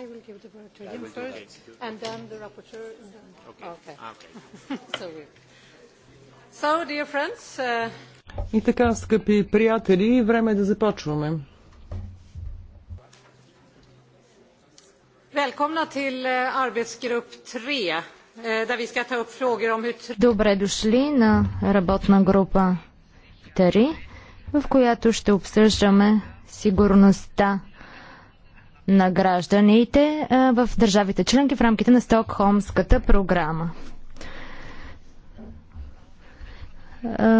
I will give the word to him first, and then the rapporteur. And then... Okay. Okay. so, so, dear friends, uh... И така, скъпи приятели, време е да започваме. Välkomna till arbetsgrupp 3, där vi ska ta upp frågor om hur... Добре дошли на работна група 3, в която ще обсъждаме сигурността на гражданите в държавите членки в рамките на Стокхолмската програма.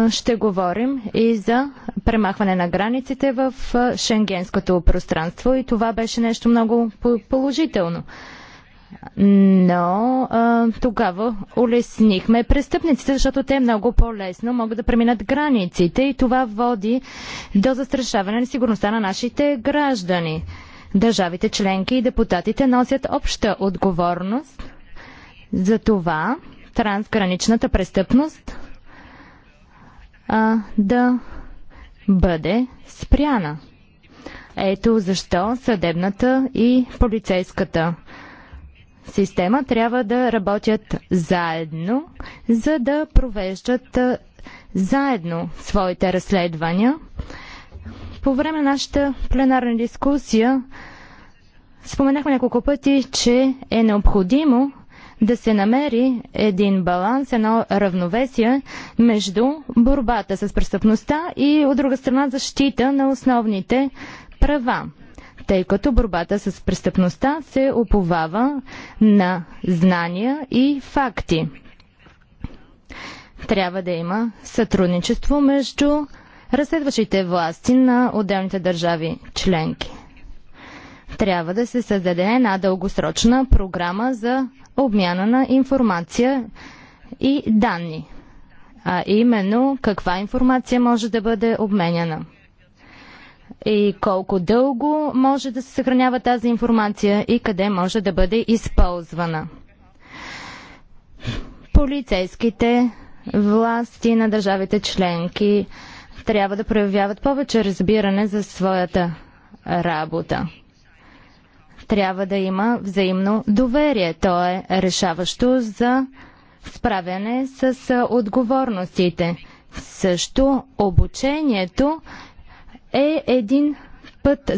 Ще говорим и за премахване на границите в шенгенското пространство и това беше нещо много положително. Но а, тогава улеснихме престъпниците, защото те много по-лесно могат да преминат границите и това води до застрашаване на сигурността на нашите граждани. Държавите членки и депутатите носят обща отговорност за това трансграничната престъпност а, да бъде спряна. Ето защо съдебната и полицейската система трябва да работят заедно, за да провеждат заедно своите разследвания по време на нашата пленарна дискусия споменахме няколко пъти, че е необходимо да се намери един баланс, едно равновесие между борбата с престъпността и от друга страна защита на основните права тъй като борбата с престъпността се оповава на знания и факти. Трябва да има сътрудничество между разследващите власти на отделните държави членки. Трябва да се създаде една дългосрочна програма за обмяна на информация и данни. А именно каква информация може да бъде обменяна и колко дълго може да се съхранява тази информация и къде може да бъде използвана. Полицейските власти на държавите членки трябва да проявяват повече разбиране за своята работа. Трябва да има взаимно доверие. То е решаващо за справяне с отговорностите. Също обучението е един път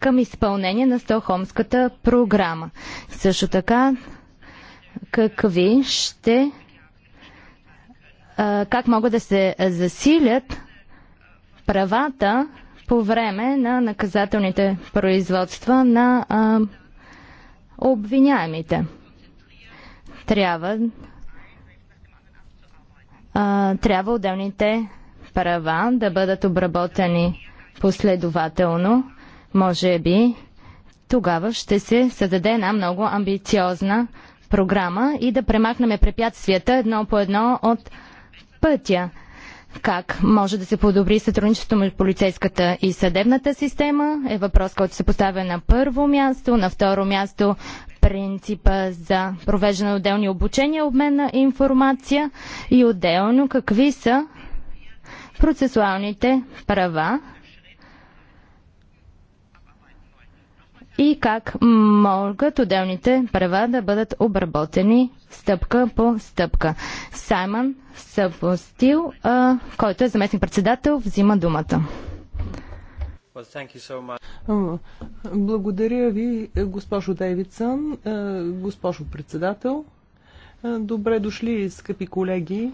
към изпълнение на Стохомската програма. Също така, какви ще как могат да се засилят правата по време на наказателните производства на а, обвиняемите. Трябва, а, трябва отделните права да бъдат обработени последователно. Може би тогава ще се създаде една много амбициозна програма и да премахнем препятствията едно по едно от пътя. Как може да се подобри сътрудничеството между полицейската и съдебната система е въпрос, който се поставя на първо място. На второ място принципа за провеждане на отделни обучения, обмен на информация и отделно какви са процесуалните права и как могат отделните права да бъдат обработени стъпка по стъпка. Саймън Съпостил, който е заместник-председател, взима думата. Well, so Благодаря ви, госпожо Дейвидсън, госпожо председател. Добре дошли, скъпи колеги,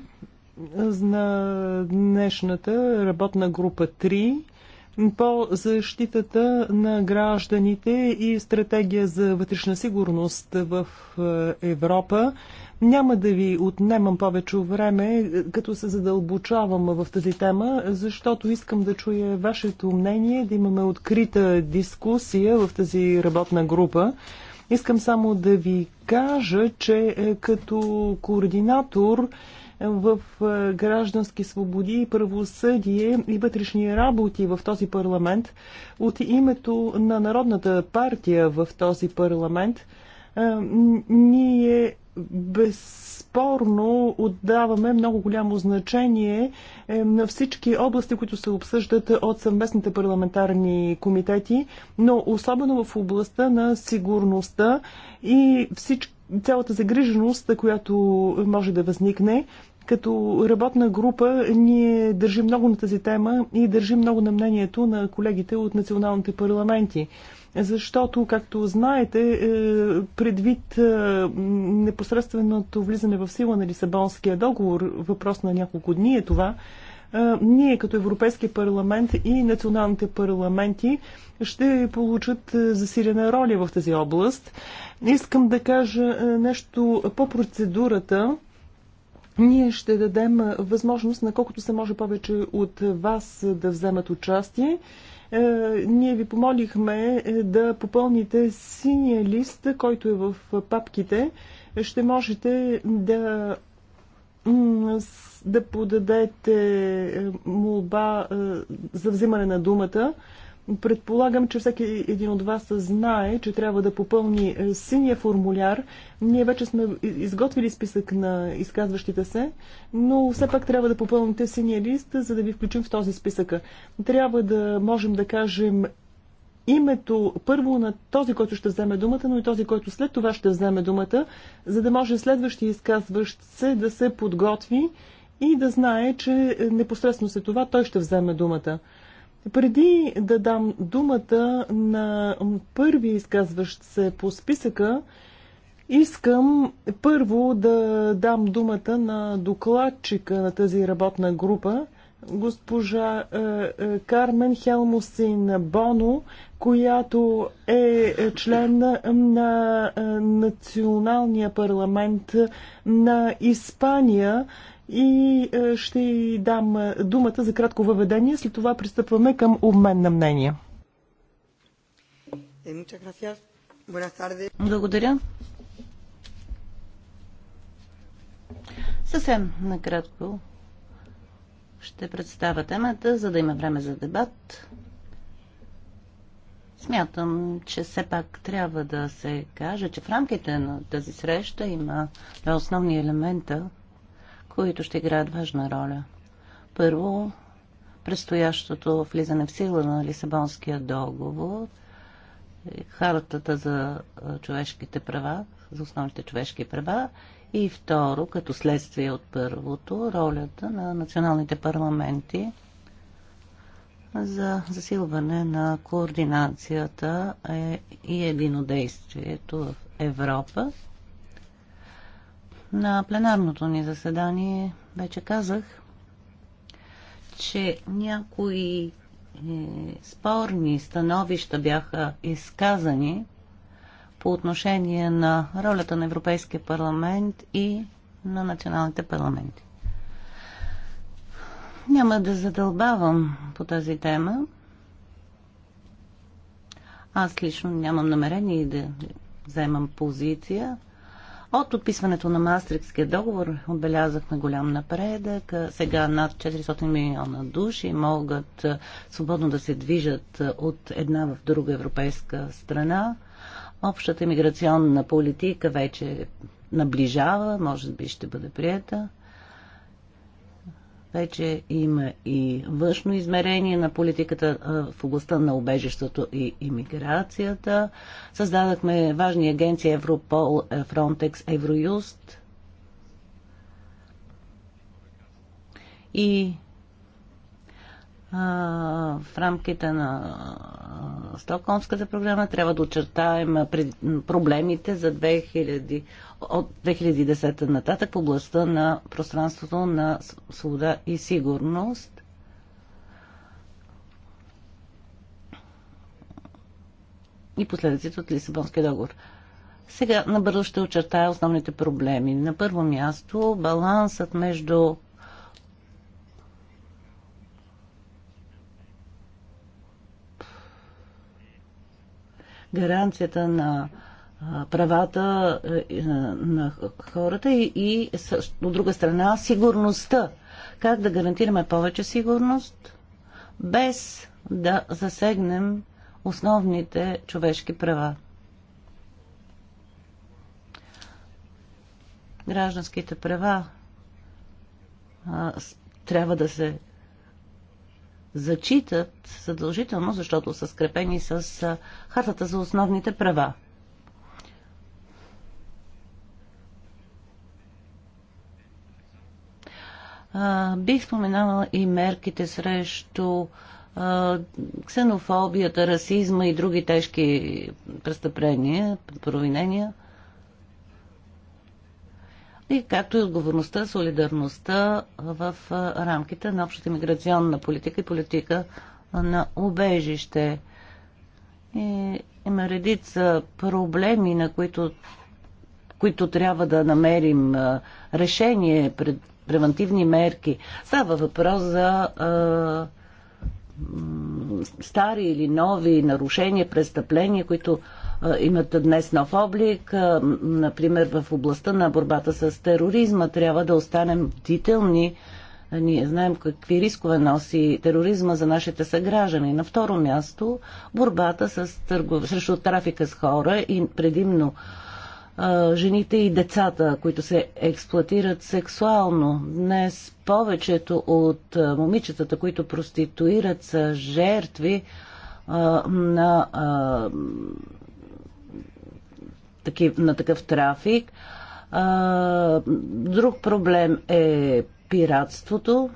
на днешната работна група по защитата на гражданите и стратегия за вътрешна сигурност в е, Европа. Няма да ви отнемам повече време, като се задълбочавам в тази тема, защото искам да чуя вашето мнение, да имаме открита дискусия в тази работна група. Искам само да ви кажа, че е, като координатор в граждански свободи, правосъдие и вътрешни работи в този парламент от името на Народната партия в този парламент. Ние безспорно отдаваме много голямо значение е, на всички области, които се обсъждат от съвместните парламентарни комитети, но особено в областта на сигурността и всички цялата загриженост, която може да възникне. Като работна група ние държим много на тази тема и държим много на мнението на колегите от националните парламенти защото, както знаете, е, предвид е, непосредственото влизане в сила на Лисабонския договор, въпрос на няколко дни е това, е, ние като Европейски парламент и националните парламенти ще получат засилена роля в тази област. Искам да кажа нещо по процедурата ние ще дадем възможност на колкото се може повече от вас да вземат участие е, ние ви помолихме е, да попълните синия лист, който е в папките. Ще можете да, да подадете е, молба за взимане на думата. Предполагам, че всеки един от вас знае, че трябва да попълни е, синия формуляр. Ние вече сме изготвили списък на изказващите се, но все пак трябва да попълните синия лист, за да ви включим в този списък. Трябва да можем да кажем името първо на този, който ще вземе думата, но и този, който след това ще вземе думата, за да може следващия изказващ се да се подготви и да знае, че е, непосредствено след това той ще вземе думата. Преди да дам думата на първи изказващ се по списъка, искам първо да дам думата на докладчика на тази работна група, госпожа е, е, Кармен Хелмусин Боно, която е член на е, Националния парламент на Испания и е, ще й дам е, думата за кратко въведение. След това пристъпваме към обмен на мнения. Е, Благодаря. Съвсем накратко ще представя темата, за да има време за дебат. Смятам, че все пак трябва да се каже, че в рамките на тази среща има два основни елемента, които ще играят важна роля. Първо, предстоящото влизане в сила на Лисабонския договор, хартата за човешките права, за основните човешки права и второ, като следствие от първото, ролята на националните парламенти за засилване на координацията е, и единодействието в Европа на пленарното ни заседание вече казах, че някои е, спорни становища бяха изказани по отношение на ролята на Европейския парламент и на националните парламенти. Няма да задълбавам по тази тема. Аз лично нямам намерение да вземам позиция. От подписването на Мастрикския договор отбелязахме голям напредък. Сега над 400 милиона души могат свободно да се движат от една в друга европейска страна. Общата миграционна политика вече наближава, може би ще бъде приета. Вече има и външно измерение на политиката в областта на убежището и иммиграцията. Създадахме важни агенции Европол, Фронтекс, Евроюст. И в рамките на Стокхолмската програма трябва да очертаем проблемите за 2000, от 2010 нататък в областта на пространството на свобода и сигурност. и последиците от Лисабонския договор. Сега набързо ще очертая основните проблеми. На първо място балансът между гаранцията на правата е, е, на хората и, и от друга страна сигурността. Как да гарантираме повече сигурност, без да засегнем основните човешки права. Гражданските права а, трябва да се зачитат задължително, защото са скрепени с хартата за основните права. бих споменала и мерките срещу ксенофобията, расизма и други тежки престъпления, провинения – и както и отговорността, солидарността в рамките на общата миграционна политика и политика на убежище. И има редица проблеми, на които, които трябва да намерим решение, пред, превентивни мерки. Става въпрос за а, стари или нови нарушения, престъпления, които имат днес нов облик. Например, в областта на борбата с тероризма трябва да останем бдителни. Ние знаем какви рискове носи тероризма за нашите съграждани. На второ място, борбата с търгов... срещу трафика с хора и предимно жените и децата, които се експлуатират сексуално. Днес повечето от момичетата, които проституират, са жертви на на такъв трафик. Друг проблем е пиратството.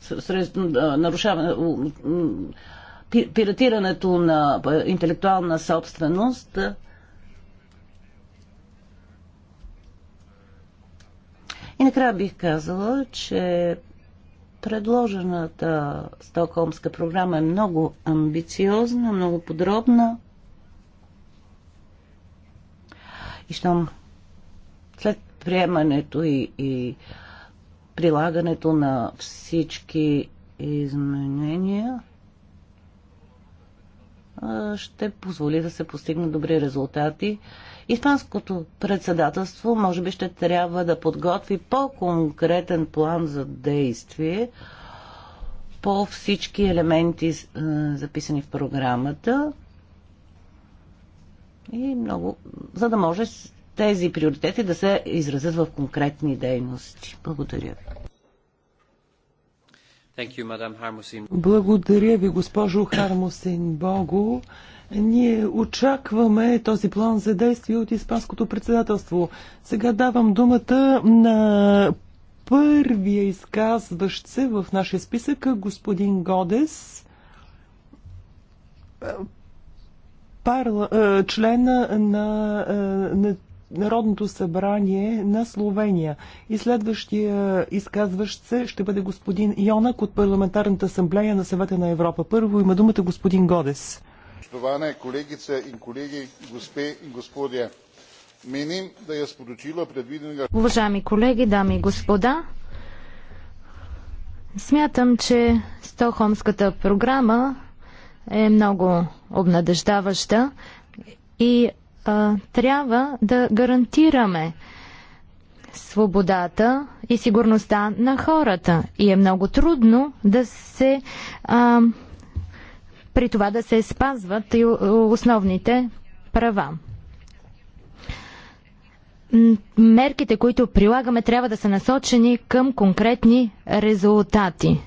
Сред, нарушаване, пиратирането на интелектуална собственост. И накрая бих казала, че Предложената Стокхолмска програма е много амбициозна, много подробна. И щом след приемането и, и прилагането на всички изменения ще позволи да се постигнат добри резултати Испанското председателство може би ще трябва да подготви по-конкретен план за действие по всички елементи, записани в програмата. И много, за да може тези приоритети да се изразят в конкретни дейности. Благодаря ви. Благодаря ви, госпожо Хармусин Богу. Ние очакваме този план за действие от Испанското председателство. Сега давам думата на първия изказващ се в нашия списък, господин Годес, парла, е, члена на, е, на Народното събрание на Словения. И следващия изказващ се ще бъде господин Йонак от Парламентарната асамблея на съвета на Европа. Първо има думата господин Годес. Spoštovane kolegice in kolegi, gospe in gospodje, menim, da je sporočilo predvidenega. Уважаеми kolegi, dame in gospoda, smatram, че Стокхолмската programa je mnogo обнадеждаваща и а, трябва да гарантираме свободата и сигурността на хората. И е много трудно да се а, при това да се спазват и основните права. Мерките, които прилагаме, трябва да са насочени към конкретни резултати.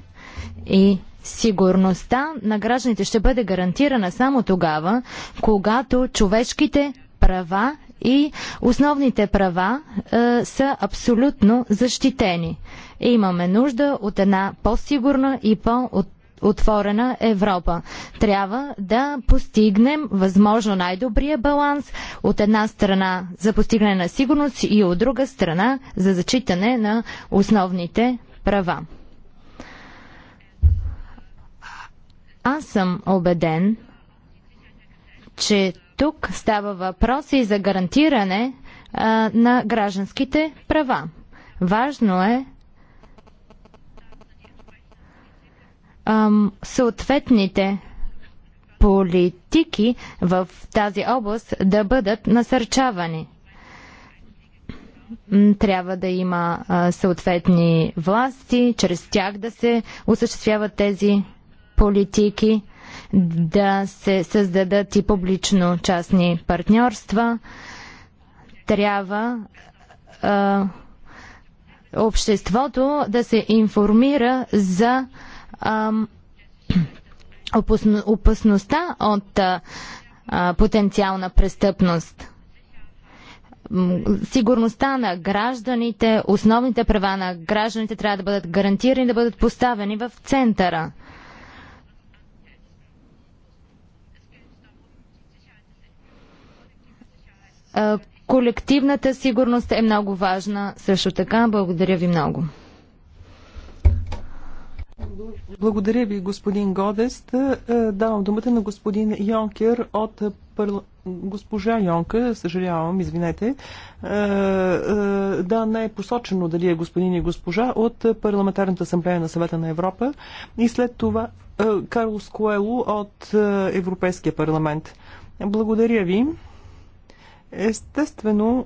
И сигурността на гражданите ще бъде гарантирана само тогава, когато човешките права и основните права е, са абсолютно защитени. Имаме нужда от една по-сигурна и по-от отворена Европа. Трябва да постигнем възможно най-добрия баланс от една страна за постигане на сигурност и от друга страна за зачитане на основните права. Аз съм убеден, че тук става въпрос и за гарантиране а, на гражданските права. Важно е ам, съответните политики в тази област да бъдат насърчавани. Трябва да има а, съответни власти, чрез тях да се осъществяват тези политики, да се създадат и публично-частни партньорства. Трябва а, обществото да се информира за а, опасно, опасността от потенциална престъпност сигурността на гражданите, основните права на гражданите трябва да бъдат гарантирани, да бъдат поставени в центъра. Колективната сигурност е много важна също така. Благодаря ви много. Благодаря ви, господин Годест. Е, давам думата на господин Йонкер от госпожа Йонка, съжалявам, извинете. Е, е, да, не е посочено дали е господин и госпожа от Парламентарната асамблея на съвета на Европа и след това Карлос Коело от Европейския парламент. Благодаря ви. Естествено,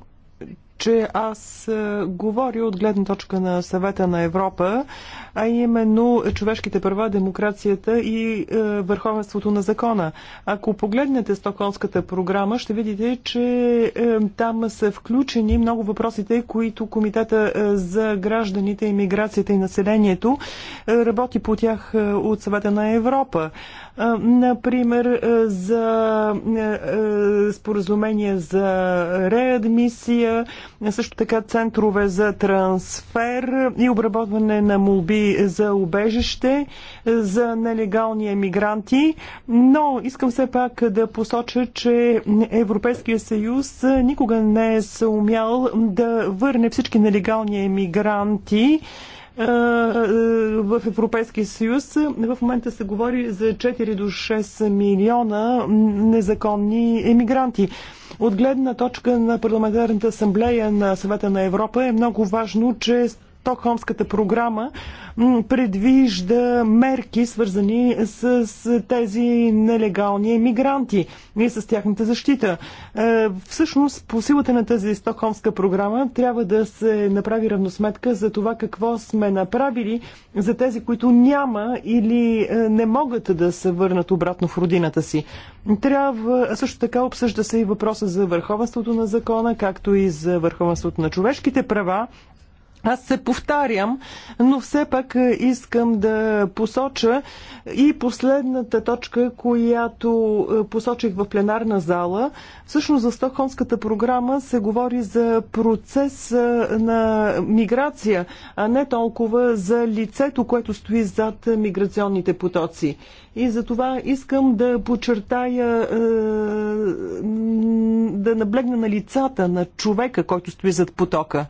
че аз е, говоря от гледна точка на съвета на Европа, а именно човешките права, демокрацията и е, върховенството на закона. Ако погледнете Стокхолмската програма, ще видите, че е, там са включени много въпросите, които Комитета е, за гражданите, иммиграцията и населението е, работи по тях е, от съвета на Европа. Е, например, е, за е, споразумение за реадмисия, е, също така центрове за трансфер и обработване на молби за убежище за нелегални емигранти. Но искам все пак да посоча, че Европейския съюз никога не е съумял да върне всички нелегални емигранти в Европейския съюз. В момента се говори за 4 до 6 милиона незаконни емигранти. От гледна точка на Парламентарната асамблея на Съвета на Европа е много важно, че Стокхолмската програма предвижда мерки, свързани с, тези нелегални емигранти и с тяхната защита. Е, всъщност, по силата на тази Стокхолмска програма трябва да се направи равносметка за това какво сме направили за тези, които няма или е, не могат да се върнат обратно в родината си. Трябва също така обсъжда се и въпроса за върховенството на закона, както и за върховенството на човешките права аз се повтарям, но все пак е, искам да посоча и последната точка, която е, посочих в пленарна зала. Всъщност за Стокхолмската програма се говори за процес е, на миграция, а не толкова за лицето, което стои зад миграционните потоци. И за това искам да подчертая, да наблегна на лицата на човека, който стои зад потока.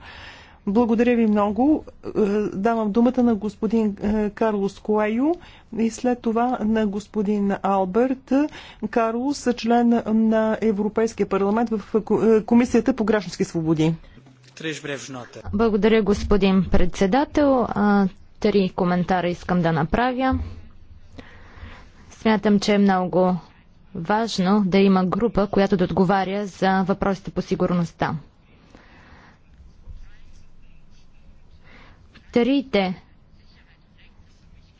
Благодаря ви много. Е, давам думата на господин е, Карлос Коайо и след това на господин Алберт. Карлос е член на Европейския парламент в е, Комисията по граждански свободи. Благодаря, господин председател. Три коментара искам да направя. Смятам, че е много важно да има група, която да отговаря за въпросите по сигурността. трите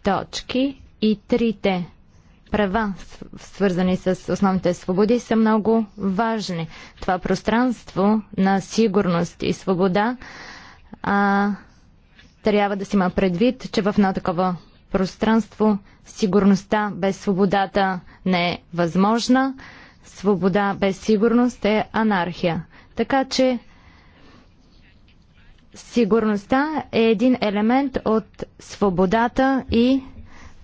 точки и трите права, свързани с основните свободи, са много важни. Това пространство на сигурност и свобода а, трябва да си има предвид, че в едно такова пространство сигурността без свободата не е възможна. Свобода без сигурност е анархия. Така че Сигурността е един елемент от свободата и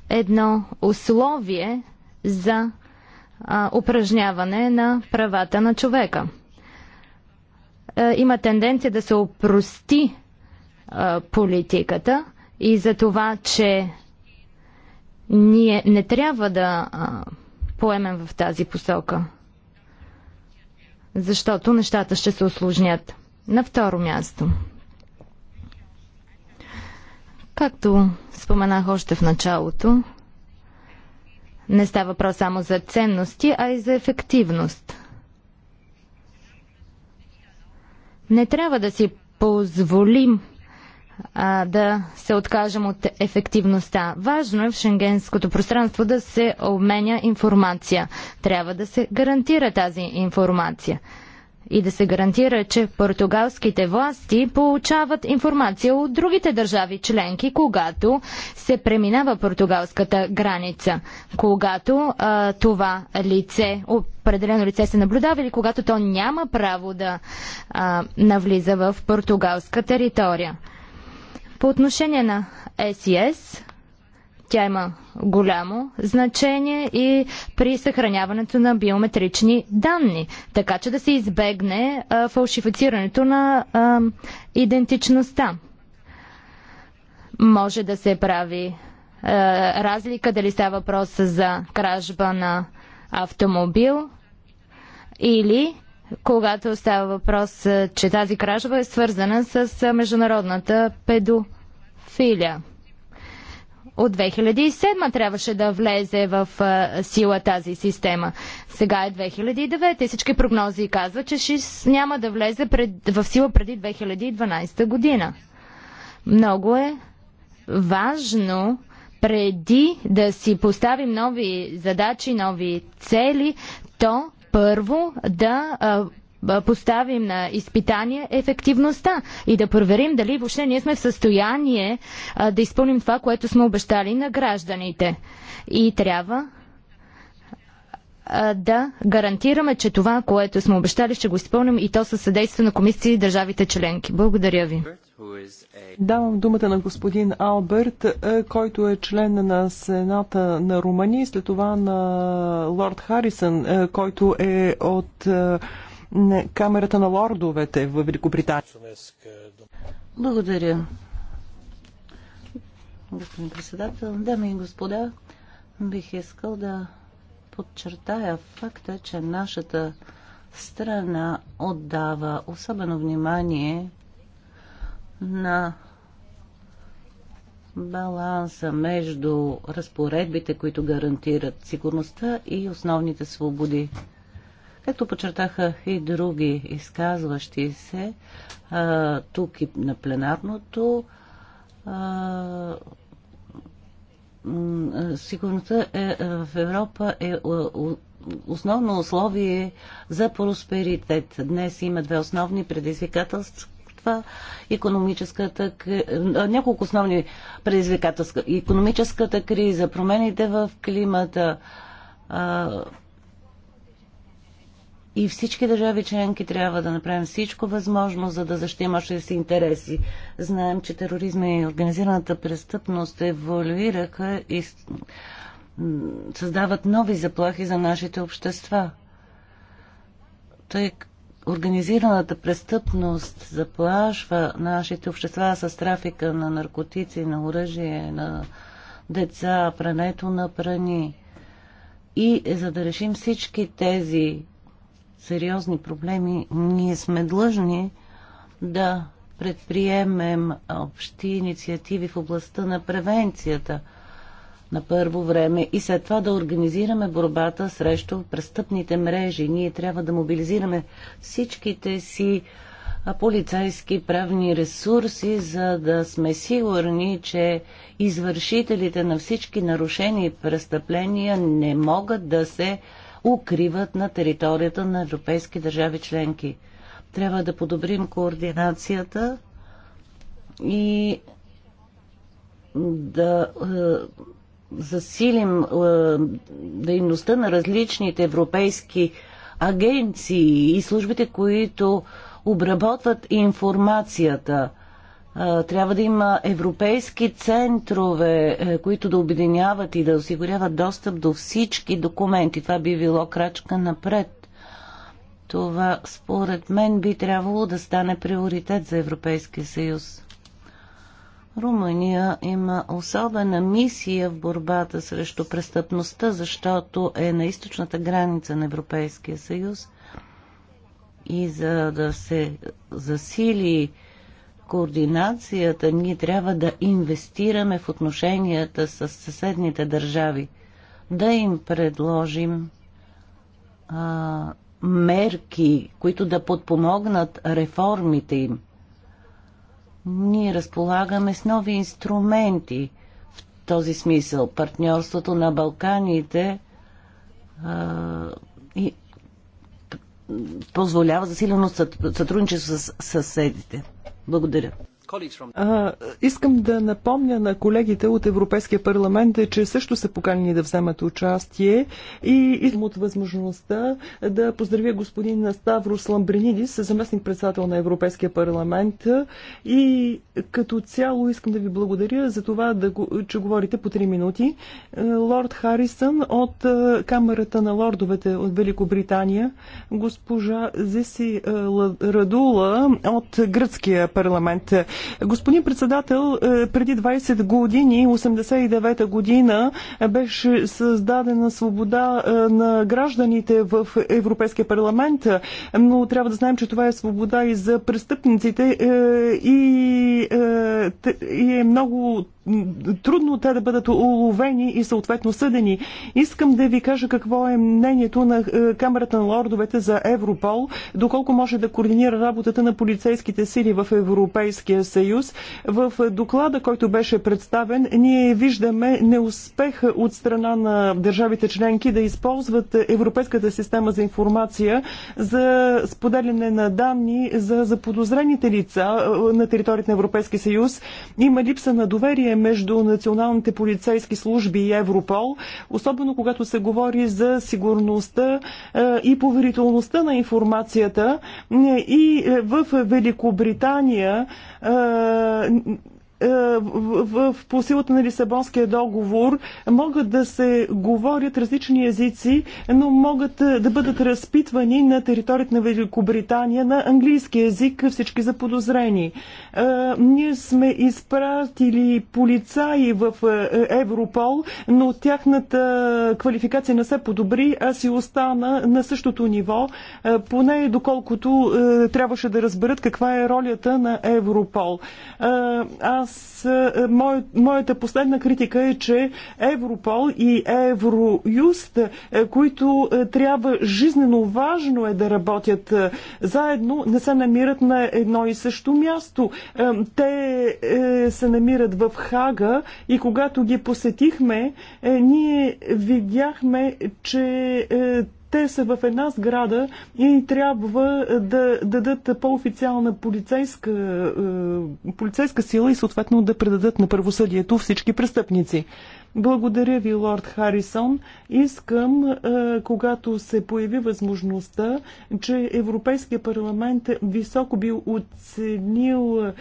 едно условие за а, упражняване на правата на човека. А, е, има тенденция да се опрости а, е, политиката и за това, че ние не трябва да а, поемем в тази посока, защото нещата ще се осложнят. На второ място – Както споменах още в началото, не става въпрос само за ценности, а и за ефективност. Не трябва да си позволим а, да се откажем от ефективността. Важно е в шенгенското пространство да се обменя информация. Трябва да се гарантира тази информация и да се гарантира, че португалските власти получават информация от другите държави членки, когато се преминава португалската граница, когато а, това лице, определено лице се наблюдава или когато то няма право да а, навлиза в португалска територия. По отношение на СИС, е тя има голямо значение и при съхраняването на биометрични данни, така че да се избегне а, фалшифицирането на а, идентичността. Може да се прави а, разлика дали става въпрос за кражба на автомобил или когато става въпрос, че тази кражба е свързана с международната педофилия. От 2007 трябваше да влезе в сила тази система. Сега е 2009 и всички прогнози казват, че ШИС няма да влезе пред, в сила преди 2012 година. Много е важно преди да си поставим нови задачи, нови цели, то първо да а, поставим на изпитание ефективността и да проверим дали въобще ние сме в състояние да изпълним това, което сме обещали на гражданите. И трябва да гарантираме, че това, което сме обещали, ще го изпълним и то със съдейство на комисии и държавите членки. Благодаря ви. Давам думата на господин Алберт, който е член на Сената на Румъния и след това на лорд Харисън, който е от на Камерата на лордовете в Великобритания. Благодаря. Господин председател, дами и господа, бих искал да подчертая факта, че нашата страна отдава особено внимание на баланса между разпоредбите, които гарантират сигурността и основните свободи. Както подчертаха и други изказващи се, а, тук и на пленарното, а, сигурността е, е, в Европа е, е основно условие за просперитет. Днес има две основни предизвикателства това економическата, няколко основни предизвикателства. Економическата криза, промените в климата, и всички държави членки трябва да направим всичко възможно, за да защитим нашите си интереси. Знаем, че тероризма и организираната престъпност еволюираха и създават нови заплахи за нашите общества. Тъй организираната престъпност заплашва нашите общества с трафика на наркотици, на оръжие, на деца, прането на прани. И за да решим всички тези сериозни проблеми, ние сме длъжни да предприемем общи инициативи в областта на превенцията на първо време и след това да организираме борбата срещу престъпните мрежи. Ние трябва да мобилизираме всичките си полицейски правни ресурси, за да сме сигурни, че извършителите на всички нарушени престъпления не могат да се укриват на територията на европейски държави членки. Трябва да подобрим координацията и да е, засилим е, дейността на различните европейски агенции и службите, които обработват информацията – трябва да има европейски центрове, е, които да обединяват и да осигуряват достъп до всички документи. Това би било крачка напред. Това, според мен, би трябвало да стане приоритет за Европейския съюз. Румъния има особена мисия в борбата срещу престъпността, защото е на източната граница на Европейския съюз. И за да се засили координацията ние трябва да инвестираме в отношенията с съседните държави, да им предложим а, мерки, които да подпомогнат реформите им. Ние разполагаме с нови инструменти в този смисъл. Партньорството на Балканите а, и позволява засилено сътрудничество с съседите. Благодаря искам да напомня на колегите от Европейския парламент, че също са поканени да вземат участие и искам от възможността да поздравя господин Ставрос Ламбринидис, заместник председател на Европейския парламент и като цяло искам да ви благодаря за това, да, че говорите по 3 минути. Лорд Харисън от Камерата на лордовете от Великобритания, госпожа Зеси Радула от Гръцкия парламент. Господин председател, е, преди 20 години, 89-та година, беше създадена свобода е, на гражданите в Европейския парламент, но трябва да знаем, че това е свобода и за престъпниците е, и, е много трудно те да бъдат уловени и съответно съдени. Искам да ви кажа какво е мнението на е, Камерата на лордовете за Европол, доколко може да координира работата на полицейските сили в Европейския съюз. В доклада, който беше представен, ние виждаме неуспех от страна на държавите членки да използват Европейската система за информация за споделяне на данни за заподозрените лица е, на територията на Европейския съюз. Има липса на доверие споразумение между националните полицейски служби и Европол, особено когато се говори за сигурността е, и поверителността на информацията. Е, и е, в Великобритания е, в, в, по силата на Лисабонския договор могат да се говорят различни езици, но могат е, да бъдат разпитвани на територията на Великобритания на английски език всички заподозрени. Е, ние сме изпратили полицаи в Европол, но тяхната квалификация не се подобри, а си остана на същото ниво, поне доколкото трябваше да разберат каква е ролята на Европол. Аз аз, е, мое, моята последна критика е, че Европол и Евроюст, е, които е, трябва жизнено важно е да работят заедно, не се намират на едно и също място. Те се намират в Хага и когато ги посетихме, ние видяхме, че те са в една сграда и трябва да дадат по-официална полицейска, е, полицейска сила и съответно да предадат на правосъдието всички престъпници. Благодаря ви, лорд Харисон. Искам, е, когато се появи възможността, че Европейския парламент високо би оценил е,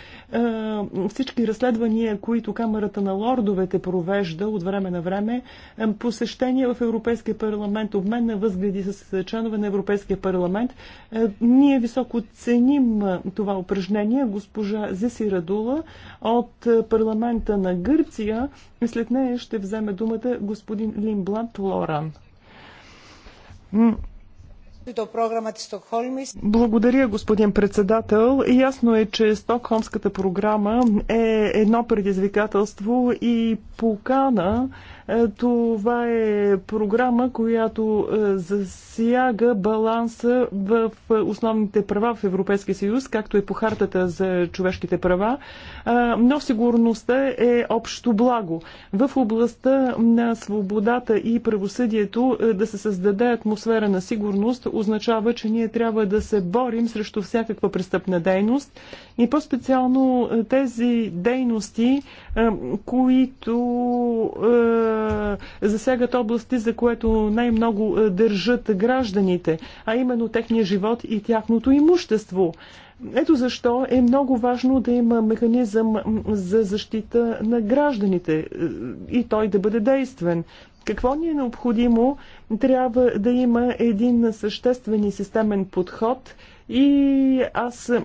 всички разследвания, които Камерата на лордовете провежда от време на време, е, посещение в Европейския парламент, обмен на възгледи с членове на Европейския парламент. Ние високо ценим това упражнение. Госпожа Зесира Радула от парламента на Гърция след нея ще вземе думата господин Лимблант Лоран. Благодаря, господин председател. Ясно е, че Стокхолмската програма е едно предизвикателство и покана е, това е програма, която е, засяга баланса в е, основните права в Европейския съюз, както е по хартата за човешките права, но сигурността е общо благо. В областта на свободата и правосъдието да се създаде атмосфера на сигурност означава, че ние трябва да се борим срещу всякаква престъпна дейност и по-специално тези дейности, които е, засягат области, за което най-много е, държат гражданите, а именно техния живот и тяхното имущество. Ето защо е много важно да има механизъм за защита на гражданите е, и той да бъде действен. Какво ни е необходимо? Трябва да има един съществен и системен подход и аз е,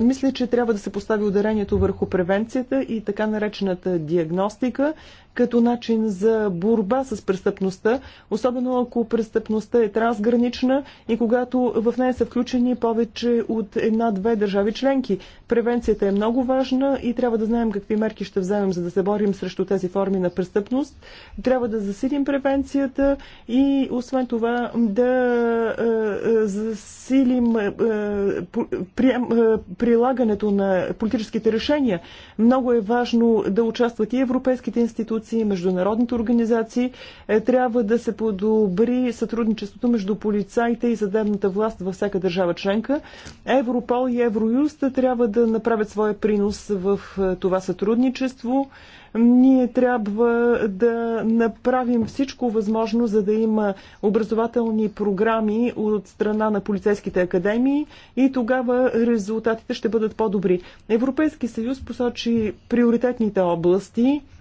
мисля, че трябва да се постави ударението върху превенцията и така наречената диагностика като начин за борба с престъпността, особено ако престъпността е трансгранична и когато в нея са включени повече от една-две държави членки. Превенцията е много важна и трябва да знаем какви мерки ще вземем, за да се борим срещу тези форми на престъпност. Трябва да засилим превенцията и освен това да е, е, засилим е, прилагането на политическите решения, много е важно да участват и европейските институции, международните организации. Е, трябва да се подобри сътрудничеството между полицаите и съдебната власт във всяка държава членка. Европол и Евроюст трябва да направят своя принос в е, това сътрудничество. Ние трябва да направим всичко възможно, за да има образователни програми от страна на полицейските академии и тогава резултатите ще бъдат по-добри. Европейски съюз посочи приоритетните области –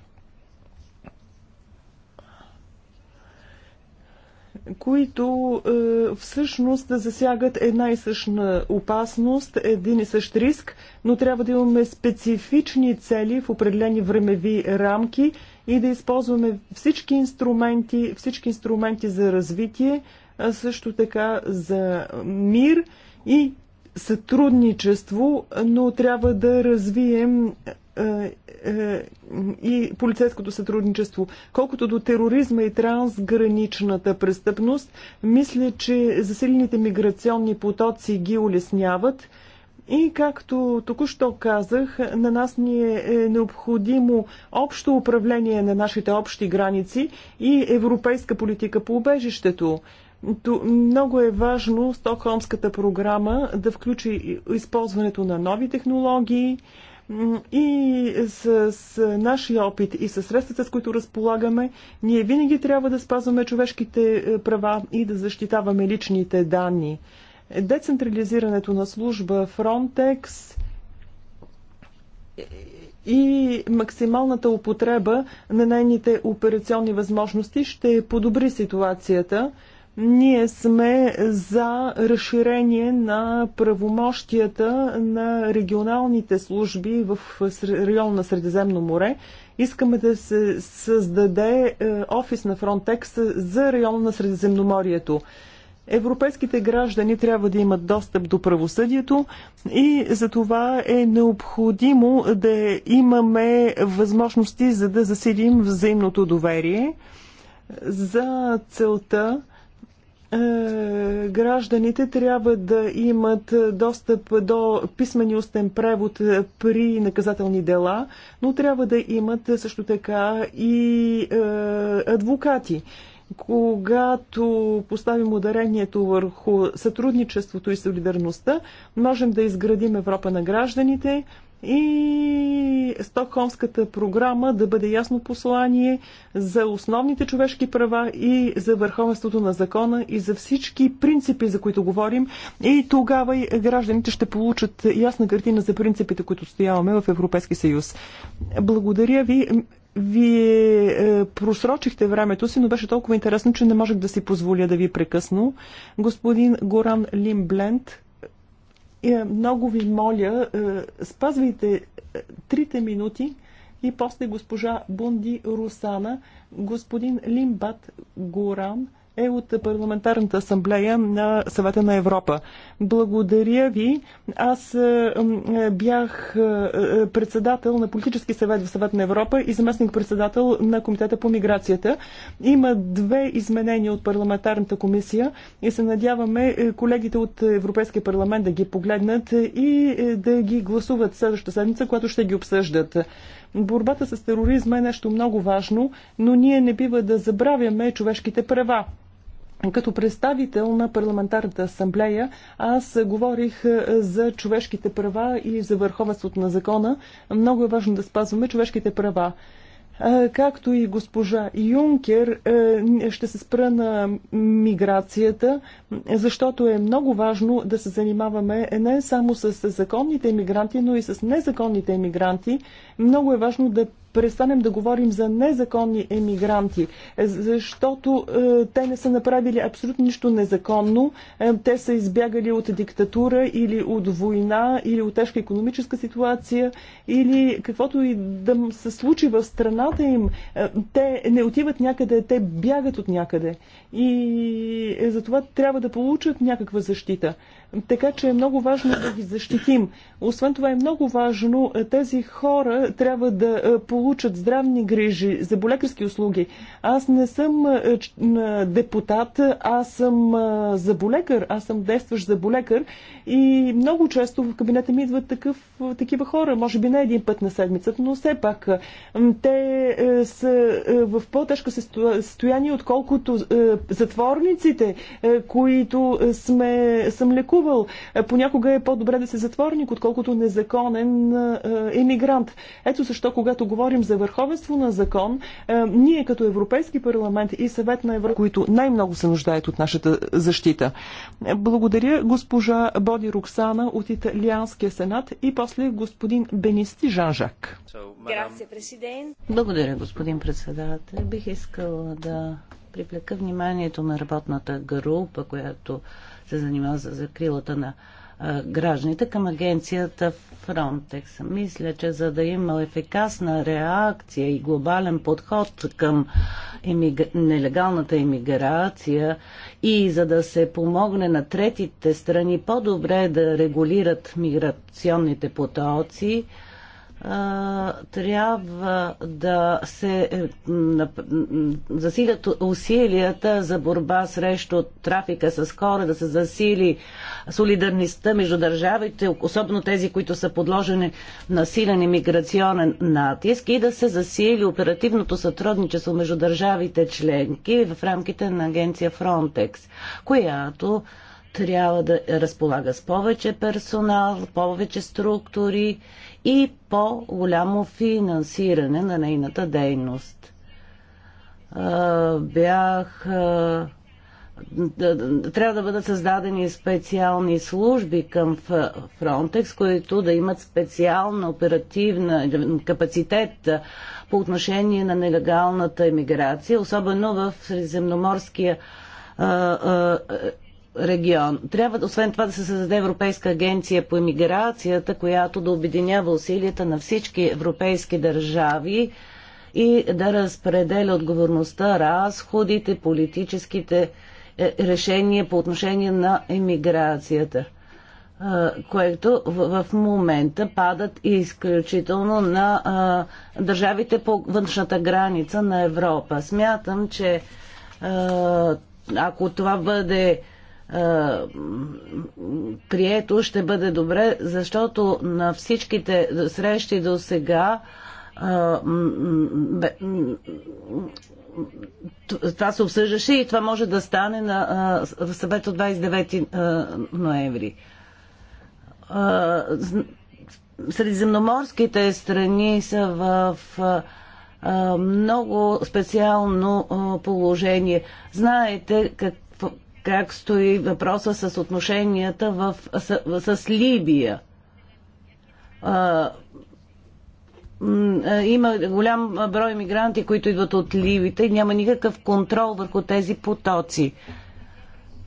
които е, всъщност засягат една и същна опасност, един и същ риск, но трябва да имаме специфични цели в определени времеви рамки и да използваме всички инструменти, всички инструменти за развитие, а също така за мир и сътрудничество, но трябва да развием е, е, и полицейското сътрудничество. Колкото до тероризма и трансграничната престъпност, мисля, че засилените миграционни потоци ги улесняват. И както току-що казах, на нас ни е, е необходимо общо управление на нашите общи граници и европейска политика по убежището. Много е важно Стокхолмската програма да включи използването на нови технологии, и с, с нашия опит и с средствата, с които разполагаме, ние винаги трябва да спазваме човешките е, права и да защитаваме личните данни. Децентрализирането на служба Frontex и максималната употреба на нейните операционни възможности ще подобри ситуацията. Ние сме за разширение на правомощията на регионалните служби в район на Средиземно море. Искаме да се създаде е, офис на Frontex за район на Средиземноморието. Европейските граждани трябва да имат достъп до правосъдието и за това е необходимо да имаме възможности за да засилим взаимното доверие. За целта е, гражданите трябва да имат достъп до писмени устен превод при наказателни дела, но трябва да имат също така и е, адвокати. Когато поставим ударението върху сътрудничеството и солидарността, можем да изградим Европа на гражданите, и Стокхолмската програма да бъде ясно послание за основните човешки права и за върховенството на закона и за всички принципи, за които говорим. И тогава и гражданите ще получат ясна картина за принципите, които стояваме в Европейски съюз. Благодаря ви. Вие е, просрочихте времето си, но беше толкова интересно, че не можех да си позволя да ви прекъсна. Господин Горан Лимбленд е, много ви моля, е, спазвайте е, трите минути и после госпожа Бунди Русана, господин Лимбат Горан, е от Парламентарната асамблея на Съвета на Европа. Благодаря ви. Аз е, е, бях е, председател на политически съвет в Съвет на Европа и заместник председател на Комитета по миграцията. Има две изменения от парламентарната комисия и се надяваме колегите от Европейския парламент да ги погледнат и да ги гласуват следващата седмица, която ще ги обсъждат. Борбата с тероризма е нещо много важно, но ние не бива да забравяме човешките права. Като представител на парламентарната асамблея, аз говорих е, за човешките права и за върховенството на закона. Много е важно да спазваме човешките права. Е, както и госпожа Юнкер, е, ще се спра на миграцията, защото е много важно да се занимаваме не само с законните емигранти, но и с незаконните емигранти. Много е важно да престанем да говорим за незаконни емигранти, защото е, те не са направили абсолютно нищо незаконно. Е, те са избягали от диктатура или от война или от тежка економическа ситуация или каквото и да се случи в страната им. Е, те не отиват някъде, те бягат от някъде. И е, затова трябва да получат някаква защита. Така че е много важно да ги защитим. Освен това е много важно е, тези хора трябва да е, получат здравни грижи, заболекарски услуги. Аз не съм е, депутат, аз съм заболекар, аз съм действащ заболекар и много често в кабинета ми идват такъв, такива хора, може би не един път на седмицата, но все пак те са в по-тежко състояние, отколкото затворниците, които сме, съм лекувал атакувал. Е, понякога е по-добре да се затворник, отколкото незаконен е, емигрант. Ето защо, когато говорим за върховенство на закон, е, ние като Европейски парламент и съвет на Европа, които най-много се нуждаят от нашата защита. Благодаря госпожа Боди Роксана от Италианския сенат и после господин Бенисти Жан-Жак. Благодаря, господин председател. Бих искала да привлека вниманието на работната група, която се занимава за закрилата на гражданите към агенцията Frontex. Мисля, че за да има ефикасна реакция и глобален подход към имиг... нелегалната иммиграция и за да се помогне на третите страни по-добре да регулират миграционните потоци, трябва да се е, засилят усилията за борба срещу трафика с хора, да се засили солидарността между държавите, особено тези, които са подложени на силен иммиграционен натиск и да се засили оперативното сътрудничество между държавите членки в рамките на агенция Frontex, която трябва да разполага с повече персонал, повече структури и по-голямо финансиране на нейната дейност. Бях. Трябва да бъдат създадени специални служби към Фронтекс, които да имат специална оперативна капацитет по отношение на нелегалната емиграция, особено в Средиземноморския регион. Трябва, освен това, да се създаде Европейска агенция по иммиграцията, която да обединява усилията на всички европейски държави и да разпределя отговорността, разходите, политическите е, решения по отношение на емиграцията, е, което в момента падат изключително на е, държавите по външната граница на Европа. Смятам, че ако това бъде прието ще бъде добре, защото на всичките срещи до сега това се обсъждаше и това може да стане на, в съвет от 29 ноември. Средиземноморските страни са в много специално положение. Знаете как как стои въпроса с отношенията в, с, с Либия. А, има голям брой мигранти, които идват от Ливите и няма никакъв контрол върху тези потоци.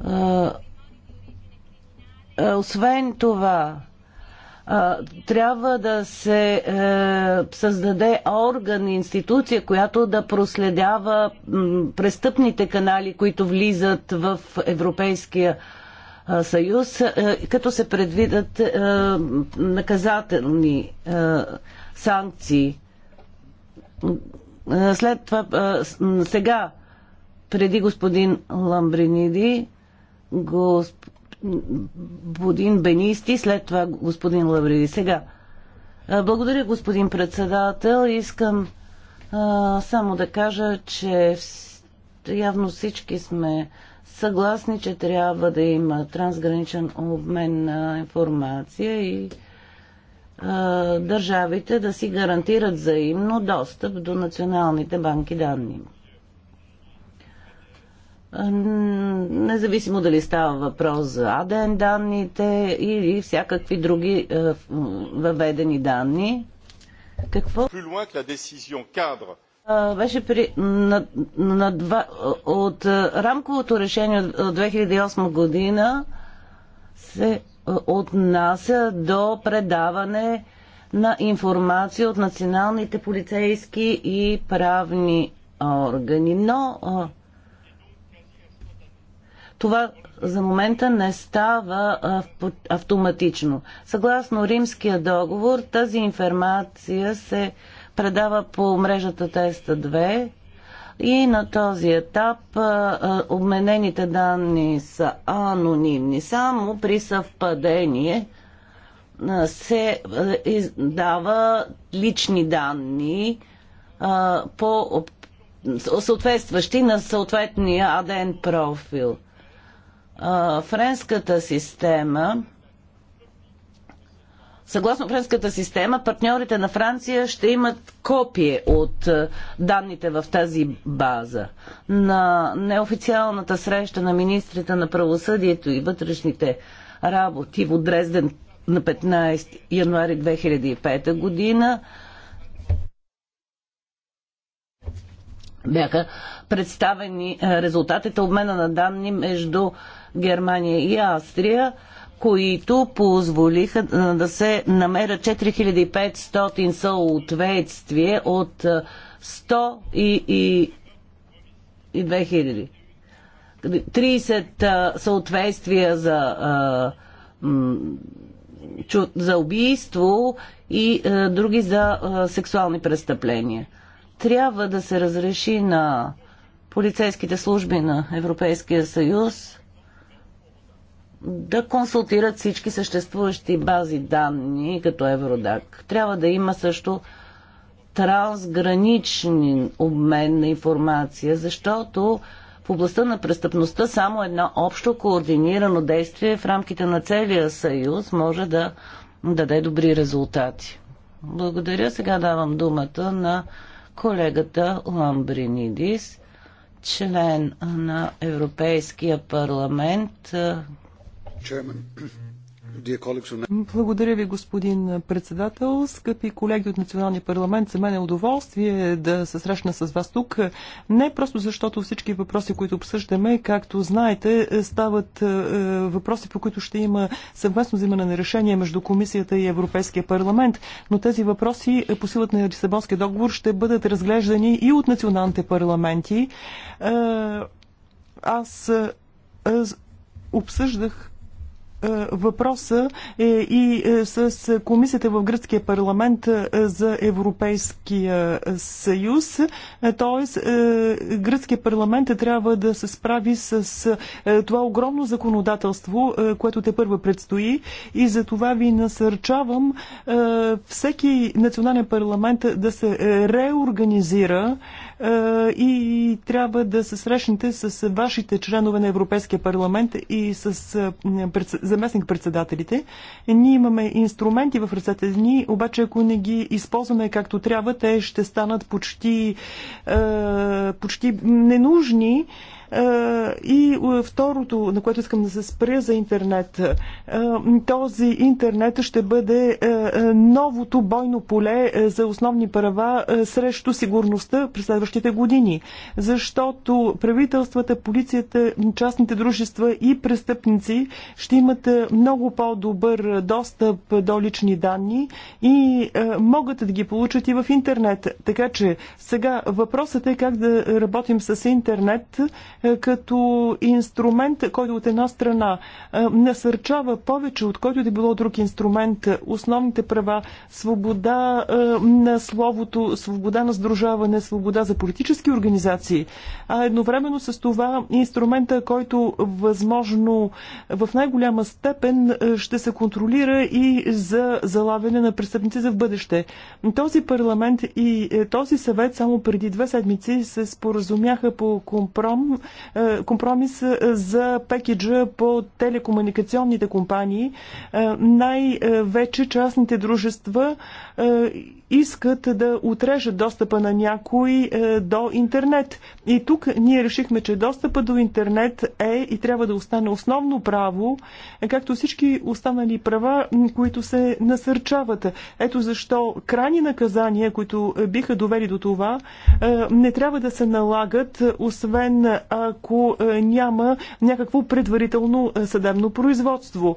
А, освен това, трябва да се е, създаде орган, институция, която да проследява престъпните канали, които влизат в Европейския съюз, е, като се предвидат е, наказателни е, санкции. Е, след това, е, сега, преди господин Ламбриниди, господин господин Бенисти, след това господин Лавриди. Сега, благодаря господин председател. Искам а, само да кажа, че явно всички сме съгласни, че трябва да има трансграничен обмен на информация и а, държавите да си гарантират взаимно достъп до националните банки данни независимо дали става въпрос за АДН данните или всякакви други е, въведени данни. Какво? Беше при, на, на два, от е, рамковото решение от 2008 година се е, отнася до предаване на информация от националните полицейски и правни органи. Но това за момента не става автоматично. Съгласно Римския договор, тази информация се предава по мрежата Теста 2 и на този етап обменените данни са анонимни. Само при съвпадение се дава лични данни по съответстващи на съответния АДН профил френската система, съгласно френската система, партньорите на Франция ще имат копие от данните в тази база. На неофициалната среща на министрите на правосъдието и вътрешните работи в Дрезден на 15 януари 2005 година бяха представени резултатите обмена на данни между Германия и Австрия, които позволиха да се намерят 4500 съответствие от 100 и, и, и 2000. 30 съответствия за, за убийство и други за сексуални престъпления. Трябва да се разреши на полицейските служби на Европейския съюз да консултират всички съществуващи бази данни, като Евродак. Трябва да има също трансграничен обмен на информация, защото в областта на престъпността само едно общо координирано действие в рамките на целия съюз може да даде добри резултати. Благодаря. Сега давам думата на колегата Ламбринидис, член на Европейския парламент, благодаря ви, господин председател. Скъпи колеги от Националния парламент, за мен е удоволствие да се срещна с вас тук. Не просто защото всички въпроси, които обсъждаме, както знаете, стават е, въпроси, по които ще има съвместно взимане на решение между Комисията и Европейския парламент, но тези въпроси е, по силата на Лисабонския договор ще бъдат разглеждани и от националните парламенти. Е, аз обсъждах въпроса е и е, с комисията в гръцкия парламент е, за Европейския съюз. Т.е. гръцкия парламент трябва да се справи с е, това огромно законодателство, което те първа предстои и за това ви насърчавам всеки национален парламент да се реорганизира е, и трябва да се срещнете с вашите членове на Европейския парламент и с е, заместник-председателите. Ние имаме инструменти в ръцете ни, обаче ако не ги използваме както трябва, те ще станат почти, е, почти ненужни. Е, и е, второто, на което искам да се спря за интернет. Е, този интернет ще бъде новото бойно поле за основни права срещу сигурността през следващите години. Защото правителствата, полицията, частните дружества и престъпници ще имат много по-добър достъп до лични данни и могат да ги получат и в интернет. Така че сега въпросът е как да работим с интернет, е, като инструмент, който от една страна е, насърчава повече от който да било друг инструмент е, основните права, свобода на словото, свобода на сдружаване, свобода за политически организации, а едновременно с това инструмента, който възможно в най-голяма степен ще се контролира и за залавяне на престъпници за в бъдеще. Този парламент и този съвет само преди две седмици се споразумяха по компром е, компромис е, за пекеджа по телекомуникационните компании. Е, най-вече частните дружества искат да отрежат достъпа на някой до интернет. И тук ние решихме, че достъпа до интернет е и трябва да остане основно право, както всички останали права, които се насърчават. Ето защо крайни наказания, които биха довели до това, е, не трябва да се налагат, освен ако е, няма някакво предварително е, съдебно производство.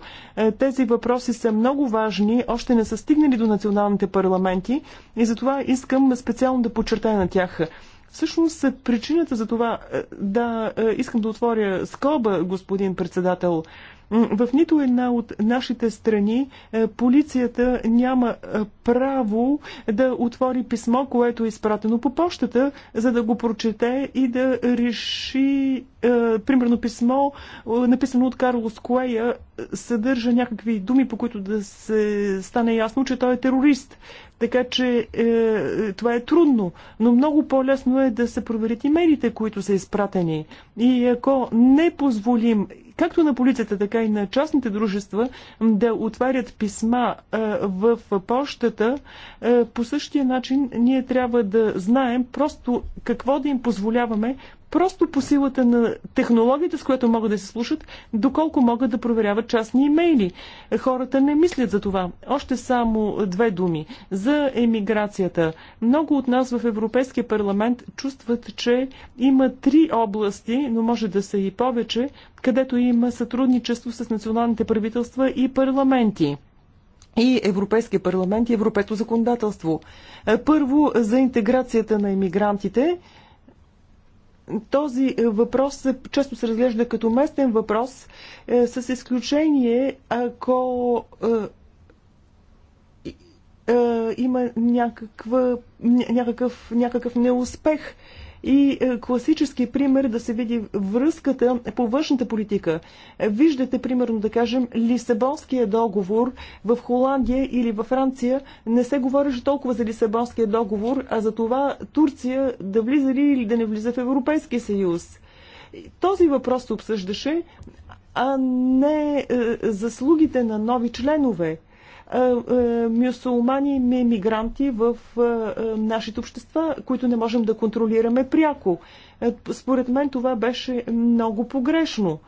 Тези въпроси са много важни, още не са стигнали до националните парламенти и затова искам специално да подчертая на тях. Всъщност причината за това, е, да, е, искам да отворя скоба, господин председател, в нито една от нашите страни е, полицията няма право да отвори писмо, което е изпратено по почтата, за да го прочете и да реши, примерно писмо, написано от Карлос Куея, съдържа някакви думи, по които да се стане ясно, че той е терорист. Така че е, това е трудно, но много по-лесно е да се проверят имейлите, които са изпратени. И ако не позволим както на полицията, така и на частните дружества да отварят писма е, в почтата, е, по същия начин ние трябва да знаем просто какво да им позволяваме просто по силата на технологията, с която могат да се слушат, доколко могат да проверяват частни имейли. Хората не мислят за това. Още само две думи. За емиграцията. Много от нас в Европейския парламент чувстват, че има три области, но може да са и повече, където има сътрудничество с националните правителства и парламенти и Европейския парламент и Европейското законодателство. Първо за интеграцията на емигрантите този въпрос често се разглежда като местен въпрос, е, с изключение ако е, е, има някаква, някакъв, някакъв неуспех. И е, класически пример да се види връзката по външната политика. Виждате, примерно, да кажем, Лисабонския договор в Холандия или във Франция не се говореше толкова за Лисабонския договор, а за това Турция да влиза ли или да не влиза в Европейския съюз. Този въпрос се обсъждаше, а не е, заслугите на нови членове мюсулмани мигранти в нашите общества, които не можем да контролираме пряко. Според мен това беше много погрешно.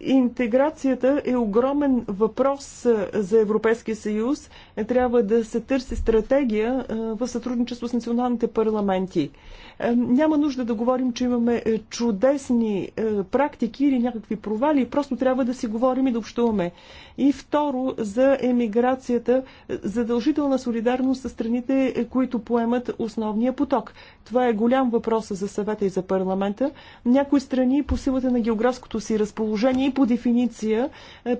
Интеграцията е огромен въпрос за Европейския съюз. Трябва да се търси стратегия в сътрудничество с националните парламенти. Е, няма нужда да говорим, че имаме е, чудесни е, практики или някакви провали, просто трябва да си говорим и да общуваме. И второ, за емиграцията, задължителна солидарност с страните, които поемат основния поток. Това е голям въпрос за съвета и за парламента. Някои страни по силата на географското си разположение и по дефиниция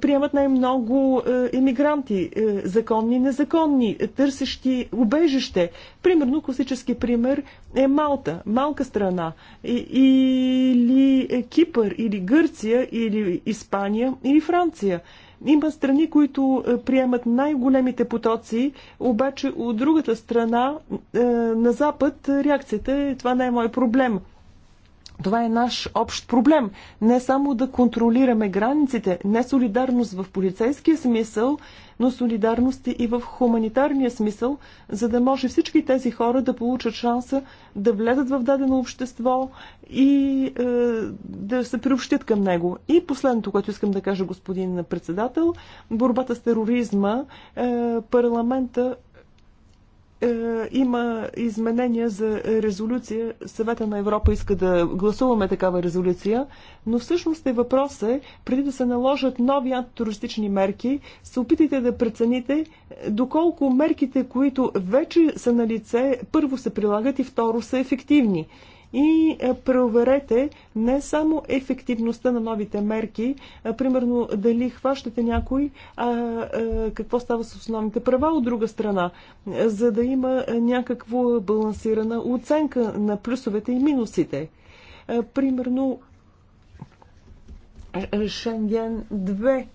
приемат най-много емигранти, законни, незаконни, търсещи убежище. Примерно, класически пример е Малта Малта, малка страна, или е Кипър, или Гърция, или Испания, или Франция. Има страни, които е, приемат най-големите потоци, обаче от другата страна, е, на Запад, реакцията е това не е мой проблем. Това е наш общ проблем. Не само да контролираме границите, не солидарност в полицейския смисъл, но солидарност и в хуманитарния смисъл, за да може всички тези хора да получат шанса да влезат в дадено общество и е, да се приобщят към него. И последното, което искам да кажа, господин председател, борбата с тероризма, е, парламента е, има изменения за резолюция. Съвета на Европа иска да гласуваме такава резолюция, но всъщност е въпрос е, преди да се наложат нови антитерористични мерки, се опитайте да прецените е, доколко мерките, които вече са на лице, първо се прилагат и второ са ефективни и е, проверете не само ефективността на новите мерки, а, примерно дали хващате някой, а, а какво става с основните права от друга страна, за да има някакво балансирана оценка на плюсовете и минусите. А, примерно е, е, Шенген 2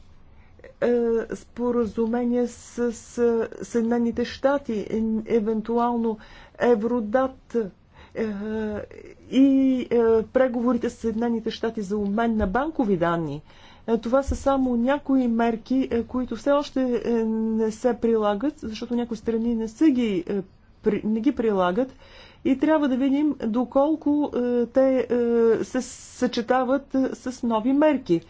споразумение с Съединените щати, евентуално Евродат е, и е, преговорите с Съединените щати за обмен на банкови данни. Е, това са само някои мерки, които все още не се прилагат, защото някои страни не, са ги, не ги прилагат и трябва да видим доколко те се съчетават с нови мерки.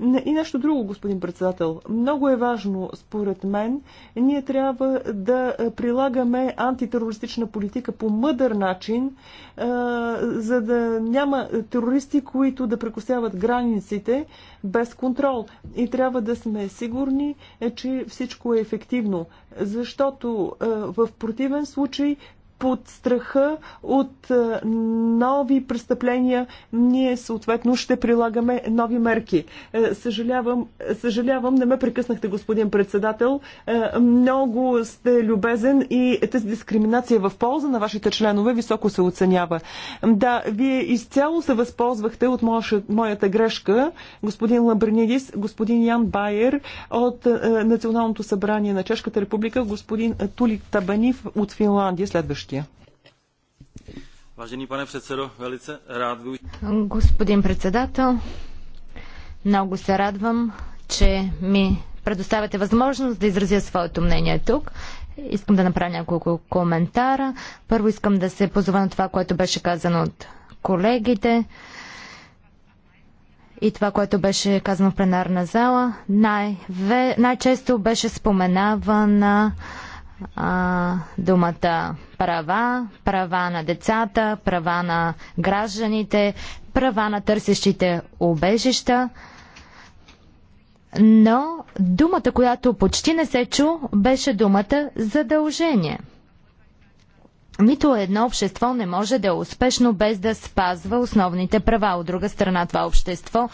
И нещо друго, господин председател. Много е важно, според мен, ние трябва да е, прилагаме антитерористична политика по мъдър начин, е, за да няма терористи, които да прекусяват границите без контрол. И трябва да сме сигурни, е, че всичко е ефективно, защото в противен случай под страха от е, нови престъпления, ние съответно ще прилагаме нови мерки. Е, съжалявам, съжалявам, не ме прекъснахте, господин председател. Е, много сте любезен и тази дискриминация в полза на вашите членове високо се оценява. Да, вие изцяло се възползвахте от моята грешка, господин Лабринидис, господин Ян Байер от Националното събрание на Чешката република, господин Тули Табанив от Финландия, следващи. Господин председател, много се радвам, че ми предоставяте възможност да изразя своето мнение тук. Искам да направя няколко коментара. Първо искам да се позова на това, което беше казано от колегите и това, което беше казано в пленарна зала. Най-често беше споменавана на а, думата права, права на децата, права на гражданите, права на търсещите убежища. Но думата, която почти не се чу, беше думата задължение. Нито едно общество не може да е успешно без да спазва основните права. От друга страна, това общество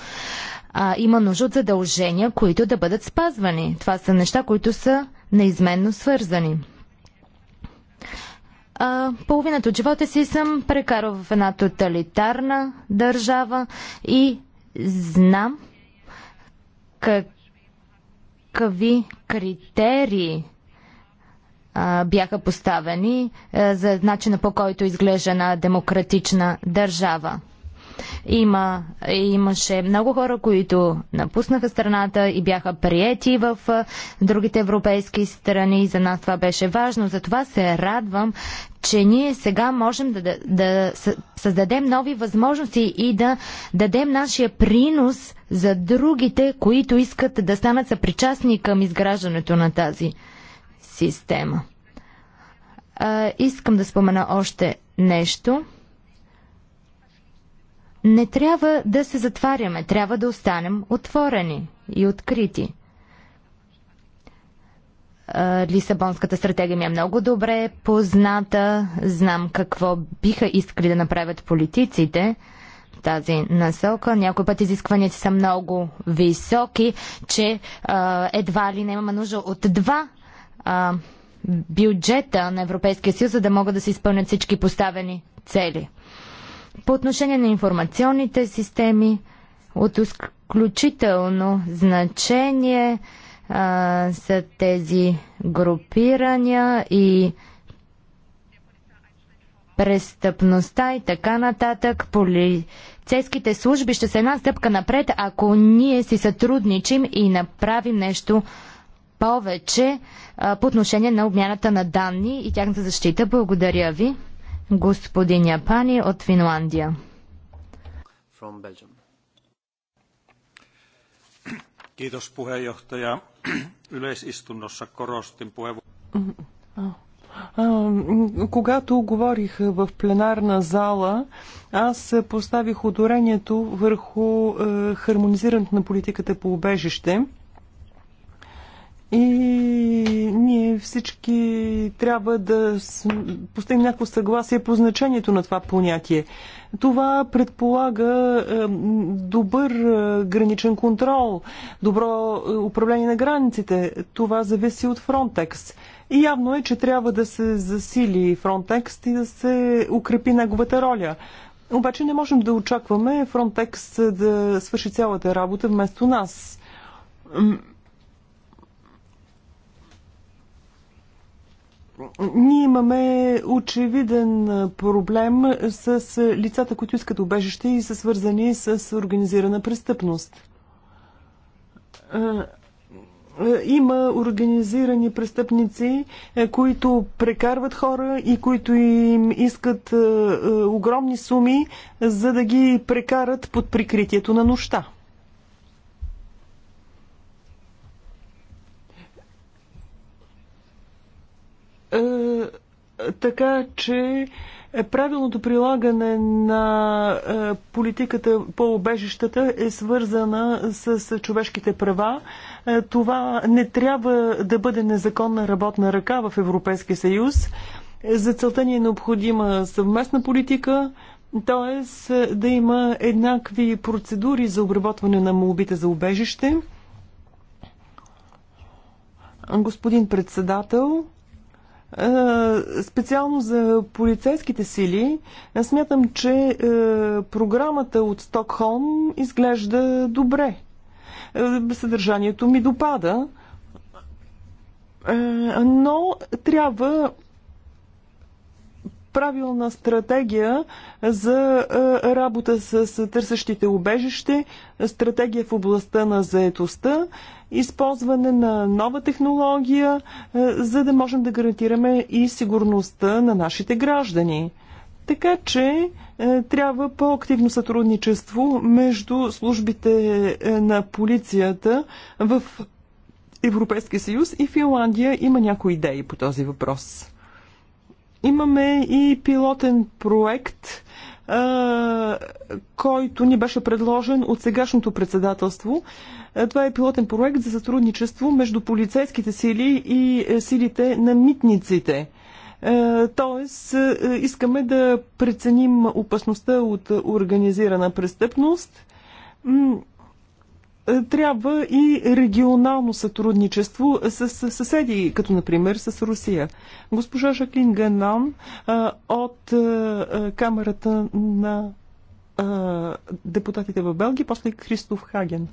а, има нужда от задължения, които да бъдат спазвани. Това са неща, които са неизменно свързани. А, половината от живота си съм прекарал в една тоталитарна държава и знам какви критерии а, бяха поставени а, за начина по който изглежда една демократична държава. Има, имаше много хора, които напуснаха страната и бяха приети в другите европейски страни. За нас това беше важно. Затова се радвам, че ние сега можем да, да, да създадем нови възможности и да дадем нашия принос за другите, които искат да станат съпричастни към изграждането на тази система. А, искам да спомена още нещо. Не трябва да се затваряме, трябва да останем отворени и открити. Лисабонската стратегия ми е много добре позната. Знам какво биха искали да направят политиците в тази насока. Някои път изискванията са много високи, че а, едва ли не имаме нужда от два а, бюджета на Европейския съюз, за да могат да се изпълнят всички поставени цели. По отношение на информационните системи, от изключително значение а, са тези групирания и престъпността и така нататък. Полицейските служби ще са една стъпка напред, ако ние си сътрудничим и направим нещо повече а, по отношение на обмяната на данни и тяхната защита. Благодаря ви господин Япани от Финландия. From Belgium. Kiitos puheenjohtaja. Yleisistunnossa korostin puheenvuoron. Когато говорих в пленарна зала, аз поставих ударението върху е, хармонизирането на политиката по убежище и ние всички трябва да постигнем някакво съгласие по значението на това понятие. Това предполага е, добър е, граничен контрол, добро е, управление на границите. Това зависи от Фронтекс. И явно е, че трябва да се засили Фронтекс и да се укрепи неговата роля. Обаче не можем да очакваме Фронтекс да свърши цялата работа вместо нас. ние имаме очевиден проблем с лицата, които искат убежище и са свързани с организирана престъпност. Има организирани престъпници, които прекарват хора и които им искат огромни суми, за да ги прекарат под прикритието на нощта. Е, така че правилното прилагане на е, политиката по обежищата е свързана с човешките права. Е, това не трябва да бъде незаконна работна ръка в Европейския съюз. За целта ни е необходима съвместна политика, т.е. да има еднакви процедури за обработване на молбите за обежище. Господин председател, Специално за полицейските сили, смятам, че програмата от Стокхолм изглежда добре. Съдържанието ми допада, но трябва правилна стратегия за е, работа с търсещите убежище, стратегия в областта на заетостта, използване на нова технология, е, за да можем да гарантираме и сигурността на нашите граждани. Така че е, трябва по-активно сътрудничество между службите на полицията в Европейския съюз и Финландия има някои идеи по този въпрос. Имаме и пилотен проект, който ни беше предложен от сегашното председателство. Това е пилотен проект за сътрудничество между полицейските сили и е, силите на митниците. Тоест, е, искаме да преценим опасността от организирана престъпност е, трябва и регионално сътрудничество с съседи, като например с Русия. Госпожа Жаклин Ганан е, от е, Камерата на депутатите в Белгия, после Христоф Хаген.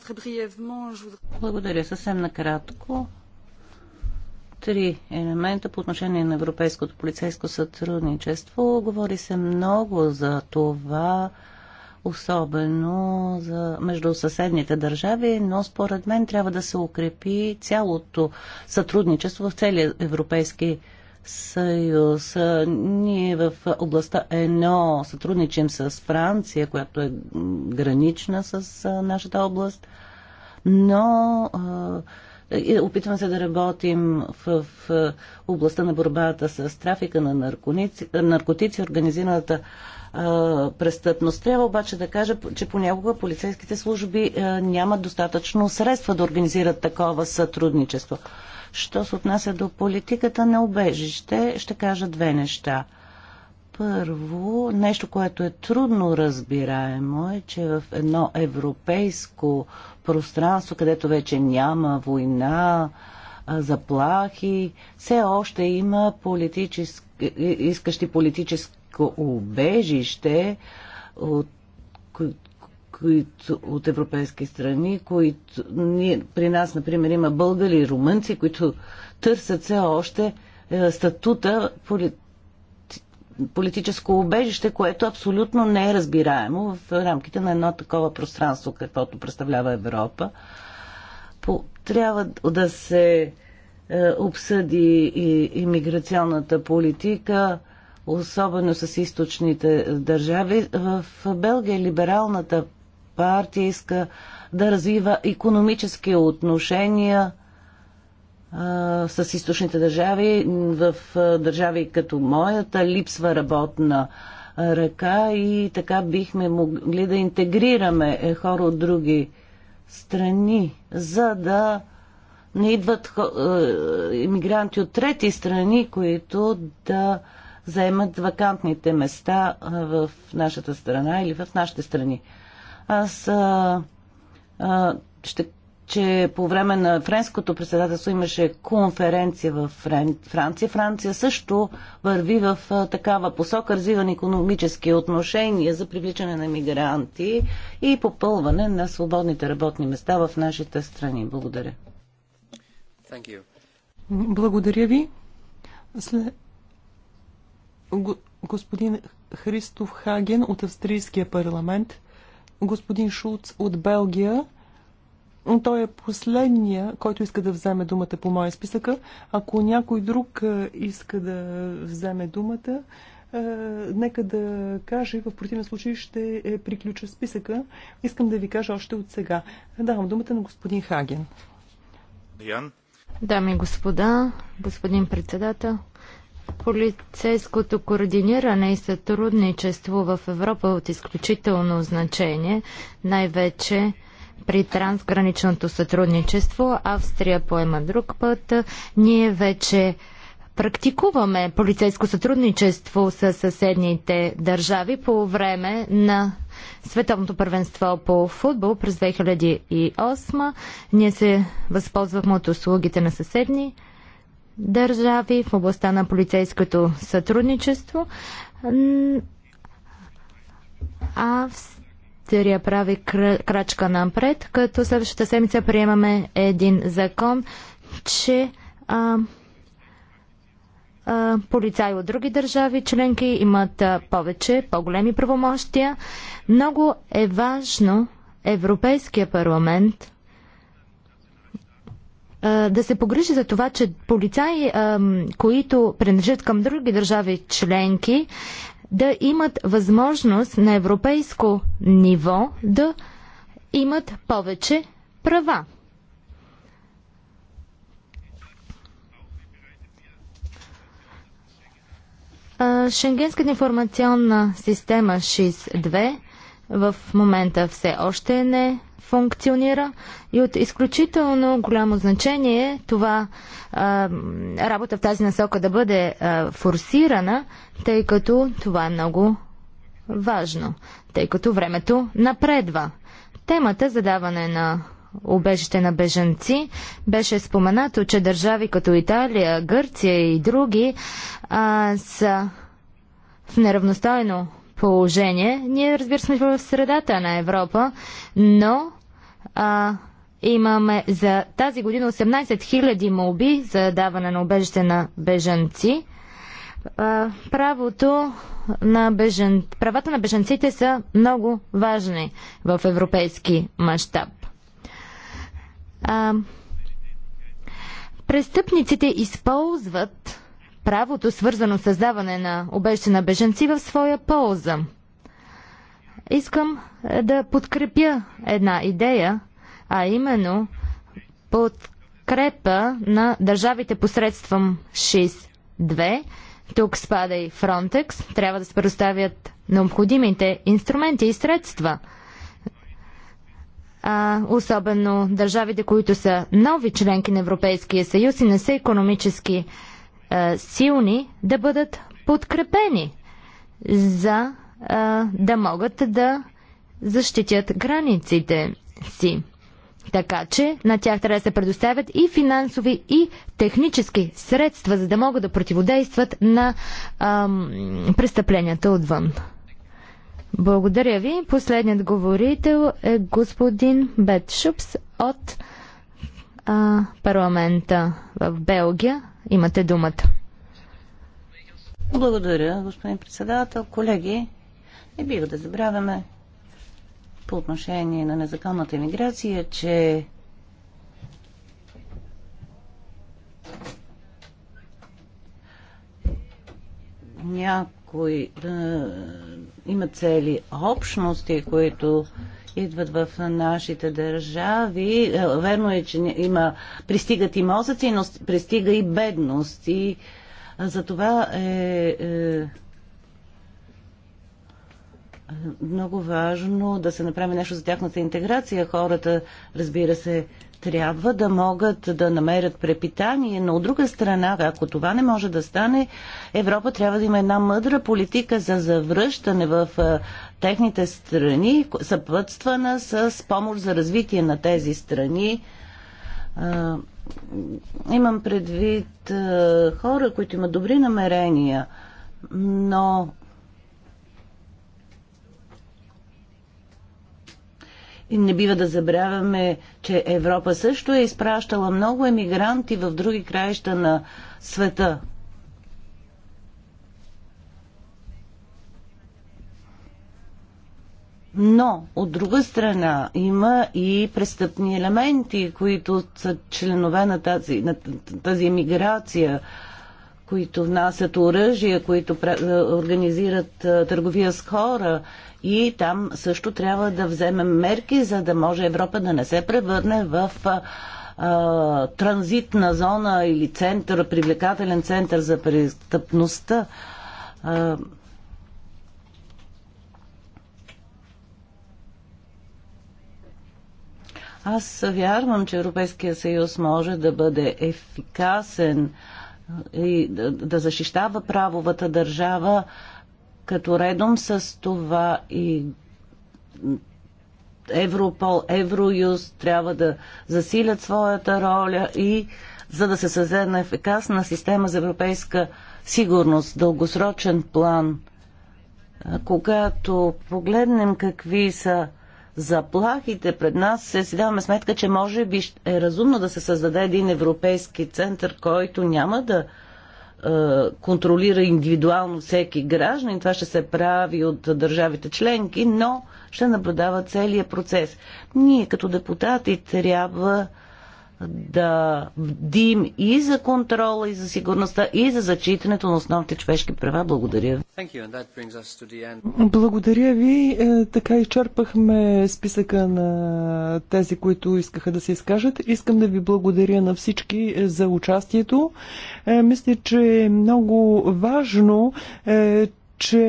Благодаря. Съвсем накратко. Три елемента по отношение на европейското полицейско сътрудничество. Говори се много за това, особено за, между съседните държави, но според мен трябва да се укрепи цялото сътрудничество в целия Европейски съюз. Ние в областта ЕНО сътрудничим с Франция, която е гранична с нашата област, но Опитвам се да работим в, в областта на борбата с трафика на наркотици, наркотици организираната а, престъпност. Трябва обаче да кажа, че понякога полицейските служби а, нямат достатъчно средства да организират такова сътрудничество. Що се отнася до политиката на обежище, ще кажа две неща – първо, нещо, което е трудно разбираемо е, че в едно европейско пространство, където вече няма война, заплахи, все още има политически, искащи политическо убежище от, които, от европейски страни, които ние, при нас, например, има българи и румънци, които търсят все още е, статута политическо убежище, което абсолютно не е разбираемо в рамките на едно такова пространство, каквото представлява Европа. По, трябва да се е, обсъди и иммиграционната политика, особено с източните държави. В Белгия либералната партия иска да развива економически отношения – а, с източните държави. В а, държави като моята липсва работна ръка и така бихме могли да интегрираме е, хора от други страни, за да не идват иммигранти от трети страни, които да заемат вакантните места в нашата страна или в нашите страни. Аз а, а, ще че по време на френското председателство имаше конференция в Франция. Франция също върви в такава посока, развива на економически отношения за привличане на мигранти и попълване на свободните работни места в нашите страни. Благодаря. Благодаря ви. След... Господин Христоф Хаген от Австрийския парламент, господин Шулц от Белгия, той е последния, който иска да вземе думата по моя списъка. Ако някой друг е, иска да вземе думата, е, нека да каже, в противен случай ще е приключа списъка. Искам да ви кажа още от сега. Давам думата на господин Хаген. Ян. Дами и господа, господин председател, полицейското координиране и сътрудничество в Европа е от изключително значение, най-вече при трансграничното сътрудничество. Австрия поема друг път. Ние вече практикуваме полицейско сътрудничество с съседните държави по време на Световното първенство по футбол през 2008. Ние се възползвахме от услугите на съседни държави в областта на полицейското сътрудничество. Австрия Сирия прави крачка напред, като следващата седмица приемаме един закон, че а, а, полицаи от други държави членки имат а, повече, по-големи правомощия. Много е важно Европейския парламент да се погрижи за това, че полицаи, които принадлежат към други държави членки, да имат възможност на европейско ниво да имат повече права. Шенгенската информационна система 6.2 в момента все още не функционира и от изключително голямо значение е това а, работа в тази насока да бъде а, форсирана, тъй като това е много важно, тъй като времето напредва. Темата за даване на убежище на бежанци беше споменато, че държави като Италия, Гърция и други а, са в неравностойно положение. Ние, разбира се, в средата на Европа, но а, имаме за тази година 18 000 молби за даване на убежище на бежанци. А, правото на бежан... Правата на бежанците са много важни в европейски мащаб. Престъпниците използват правото, свързано с даване на обеща на беженци в своя полза. Искам е, да подкрепя една идея, а именно подкрепа на държавите посредством 6.2. Тук спада и Фронтекс. Трябва да се предоставят необходимите инструменти и средства – а, особено държавите, които са нови членки на Европейския съюз и не са економически е, силни, да бъдат подкрепени, за е, да могат да защитят границите си. Така че на тях трябва да се предоставят и финансови, и технически средства, за да могат да противодействат на ам, престъпленията отвън. Благодаря ви. Последният говорител е господин Бетшупс от а, парламента в Белгия. Имате думата. Благодаря, господин председател. Колеги, не бива да забравяме по отношение на незаконната иммиграция, че някои да е, има цели общности, които идват в нашите държави. Е, верно е, че има, пристигат и мозъци, но пристига и бедност. И за това е, е, е много важно да се направи нещо за тяхната интеграция. Хората, разбира се, трябва да могат да намерят препитание, но от друга страна, ако това не може да стане, Европа трябва да има една мъдра политика за завръщане в техните страни, съпътствана с помощ за развитие на тези страни. Имам предвид хора, които имат добри намерения, но И не бива да забравяме, че Европа също е изпращала много емигранти в други краища на света. Но, от друга страна, има и престъпни елементи, които са членове на тази, на тази емиграция които внасят оръжия, които е, организират е, търговия с хора и там също трябва да вземем мерки, за да може Европа да не се превърне в е, транзитна зона или център, привлекателен център за престъпността. аз вярвам, че Европейския съюз може да бъде ефикасен а, и да, да защищава правовата държава, като редом с това и Европол, Евроюз трябва да засилят своята роля и за да се създаде на ефикасна система за европейска сигурност, дългосрочен план. Когато погледнем какви са заплахите пред нас, се си даваме сметка, че може би е разумно да се създаде един европейски център, който няма да е, контролира индивидуално всеки гражданин. Това ще се прави от държавите членки, но ще наблюдава целият процес. Ние като депутати трябва да бдим и за контрола, и за сигурността, и за зачитането на основните човешки права. Благодаря ви. Благодаря ви. Е, така изчерпахме списъка на тези, които искаха да се изкажат. Искам да ви благодаря на всички е, за участието. Е, мисля, че е много важно, че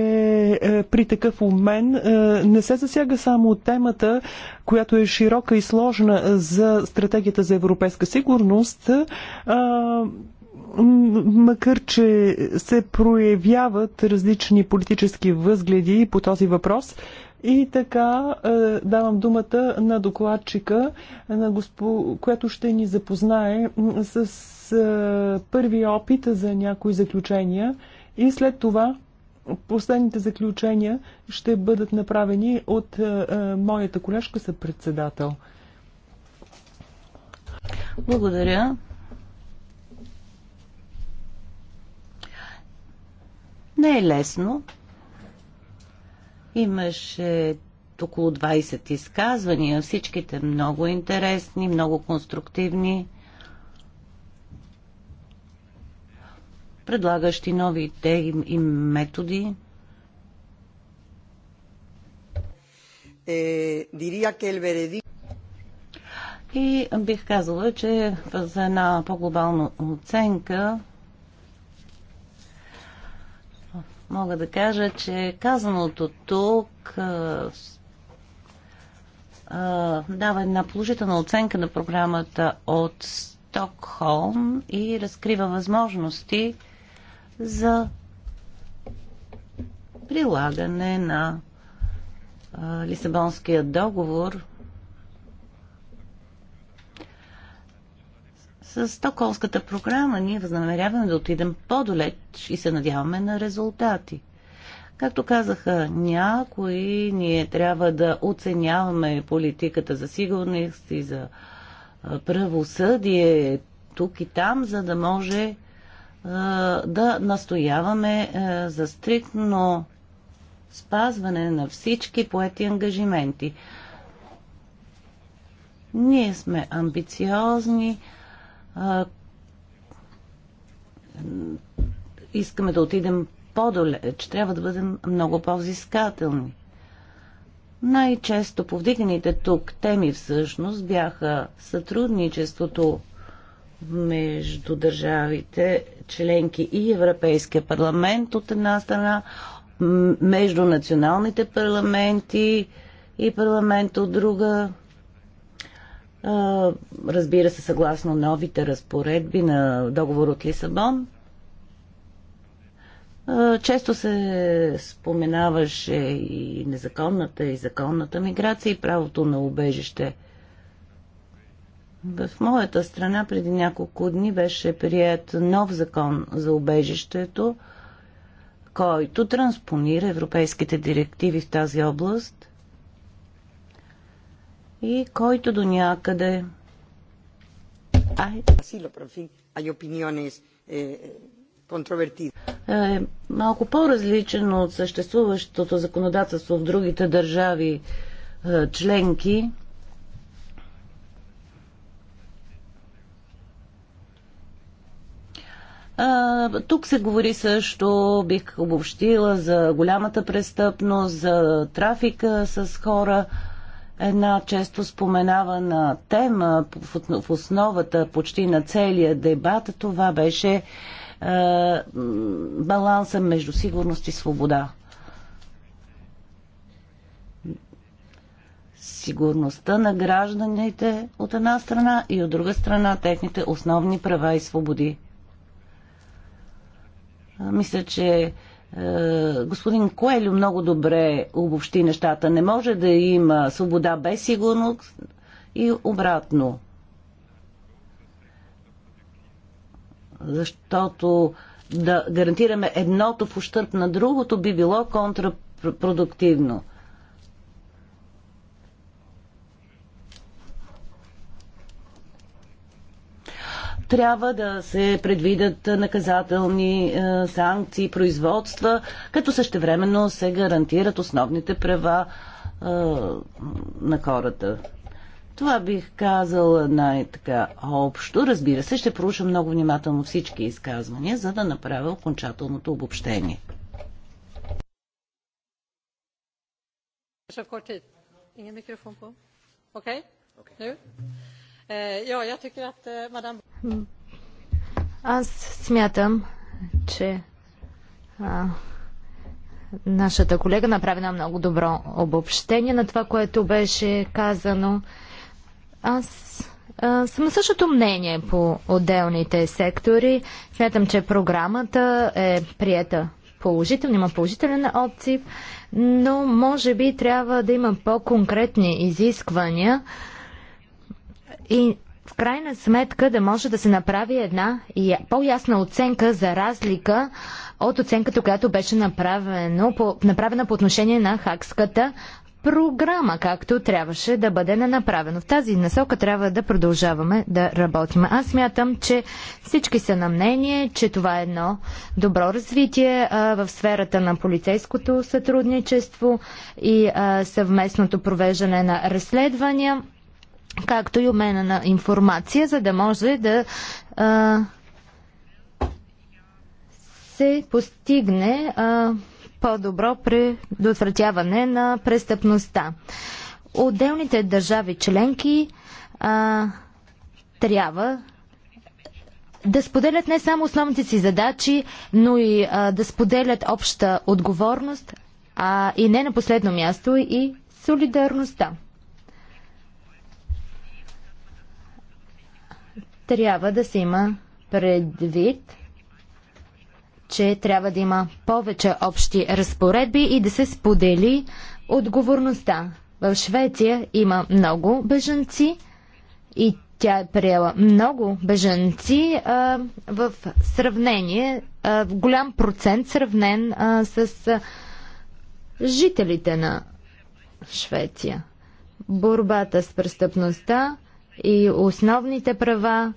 е, при такъв обмен е, не се засяга само темата, която е широка и сложна за стратегията за европейска сигурност. Е, макар че се проявяват различни политически възгледи по този въпрос. И така е, давам думата на докладчика, на госпо... която ще ни запознае с е, първи опит за някои заключения. И след това Последните заключения ще бъдат направени от е, е, моята колежка съпредседател. Благодаря. Не е лесно. Имаше около 20 изказвания, всичките много интересни, много конструктивни. предлагащи нови идеи и, методи. Е, и бих казала, че за една по-глобална оценка мога да кажа, че казаното тук е, е, дава една положителна оценка на програмата от Стокхолм и разкрива възможности за прилагане на а, Лисабонския договор с Токолската програма ние възнамеряваме да отидем по-долеч и се надяваме на резултати. Както казаха някои, ние трябва да оценяваме политиката за сигурност и за правосъдие тук и там, за да може да настояваме за стриктно спазване на всички поети ангажименти. Ние сме амбициозни, искаме да отидем по-долеч, трябва да бъдем много по-взискателни. Най-често повдиганите тук теми всъщност бяха сътрудничеството между държавите членки и Европейския парламент от една страна, между националните парламенти и парламент от друга. Разбира се, съгласно новите разпоредби на договор от Лисабон. Често се споменаваше и незаконната и законната миграция и правото на убежище – в моята страна преди няколко дни беше прият нов закон за убежището, който транспонира европейските директиви в тази област и който до някъде. Eh, е малко по-различен от съществуващото законодателство в другите държави е, членки. А, тук се говори също, бих обобщила, за голямата престъпност, за трафика с хора. Една често споменавана тема в основата почти на целия дебат, това беше а, е, баланса между сигурност и свобода. сигурността на гражданите от една страна и от друга страна техните основни права и свободи. Мисля, че е, господин Коелю много добре обобщи нещата. Не може да има свобода без сигурност и обратно. Защото да гарантираме едното в ущърп на другото би било контрапродуктивно. трябва да се предвидят наказателни е, санкции, производства, като същевременно се гарантират основните права е, на хората. Това бих казал най-така общо. Разбира се, ще проуша много внимателно всички изказвания, за да направя окончателното обобщение. Ще kort tid. микрофон по. Окей? Окей. Eh, eh, Аз смятам, че а, нашата колега направи на много добро обобщение на това, което беше казано. Аз а, съм същото мнение по отделните сектори. Смятам, че програмата е приета положително, има положителен отзив, но може би трябва да има по-конкретни изисквания и в крайна сметка да може да се направи една по-ясна оценка за разлика от оценката, която беше направено по, направена по отношение на хакската програма, както трябваше да бъде направено. В тази насока трябва да продължаваме да работим. Аз мятам, че всички са на мнение, че това е едно добро развитие а, в сферата на полицейското сътрудничество и а, съвместното провеждане на разследвания както и обмена на информация, за да може да а, се постигне по-добро предотвратяване на престъпността. Отделните държави членки а, трябва да споделят не само основните си задачи, но и а, да споделят обща отговорност, а и не на последно място и солидарността. трябва да се има предвид, че трябва да има повече общи разпоредби и да се сподели отговорността. В Швеция има много бежанци и тя е приела много бежанци а, в сравнение, а, в голям процент сравнен а, с а, жителите на Швеция. Борбата с престъпността и основните права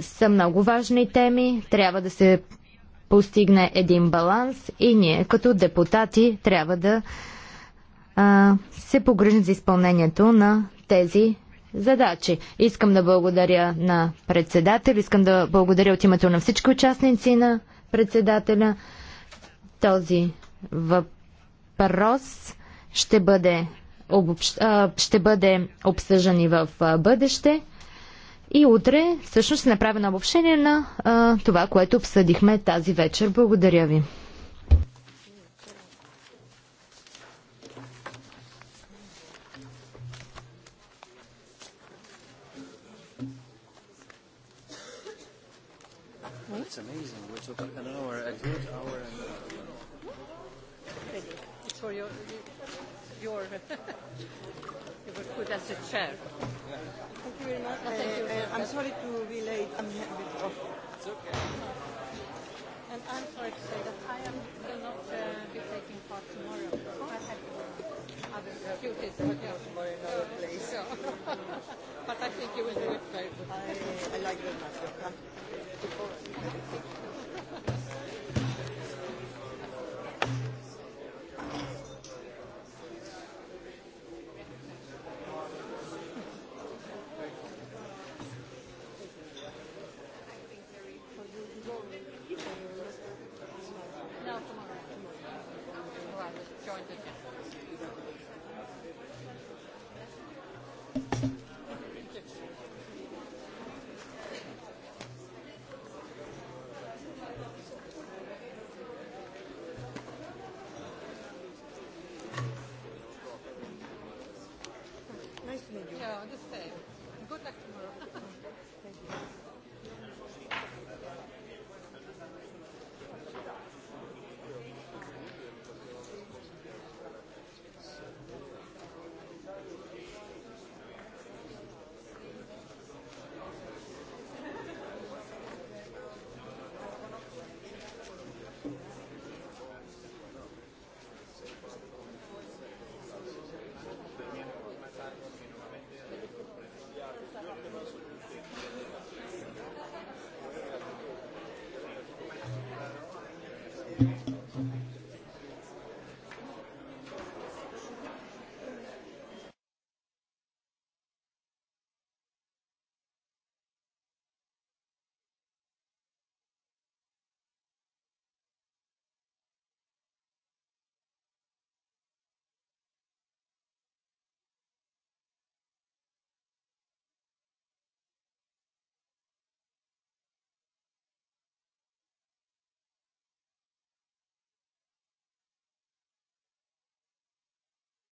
са много важни теми. Трябва да се постигне един баланс и ние като депутати трябва да а, се погрижим за изпълнението на тези задачи. Искам да благодаря на председател, искам да благодаря от името на всички участници на председателя. Този въпрос ще бъде обобщ... ще бъде обсъждан и в бъдеще. И утре всъщност ще направя на обобщение на това, което обсъдихме тази вечер. Благодаря ви. It's amazing. We're talking an hour, a good hour and a Ready. It's for your, your you were as a chair. Thank you I'm sorry to be late. It's okay. And I'm sorry to say that I am will not uh, be taking part tomorrow. I have other duties. tomorrow So. but I think you will do it very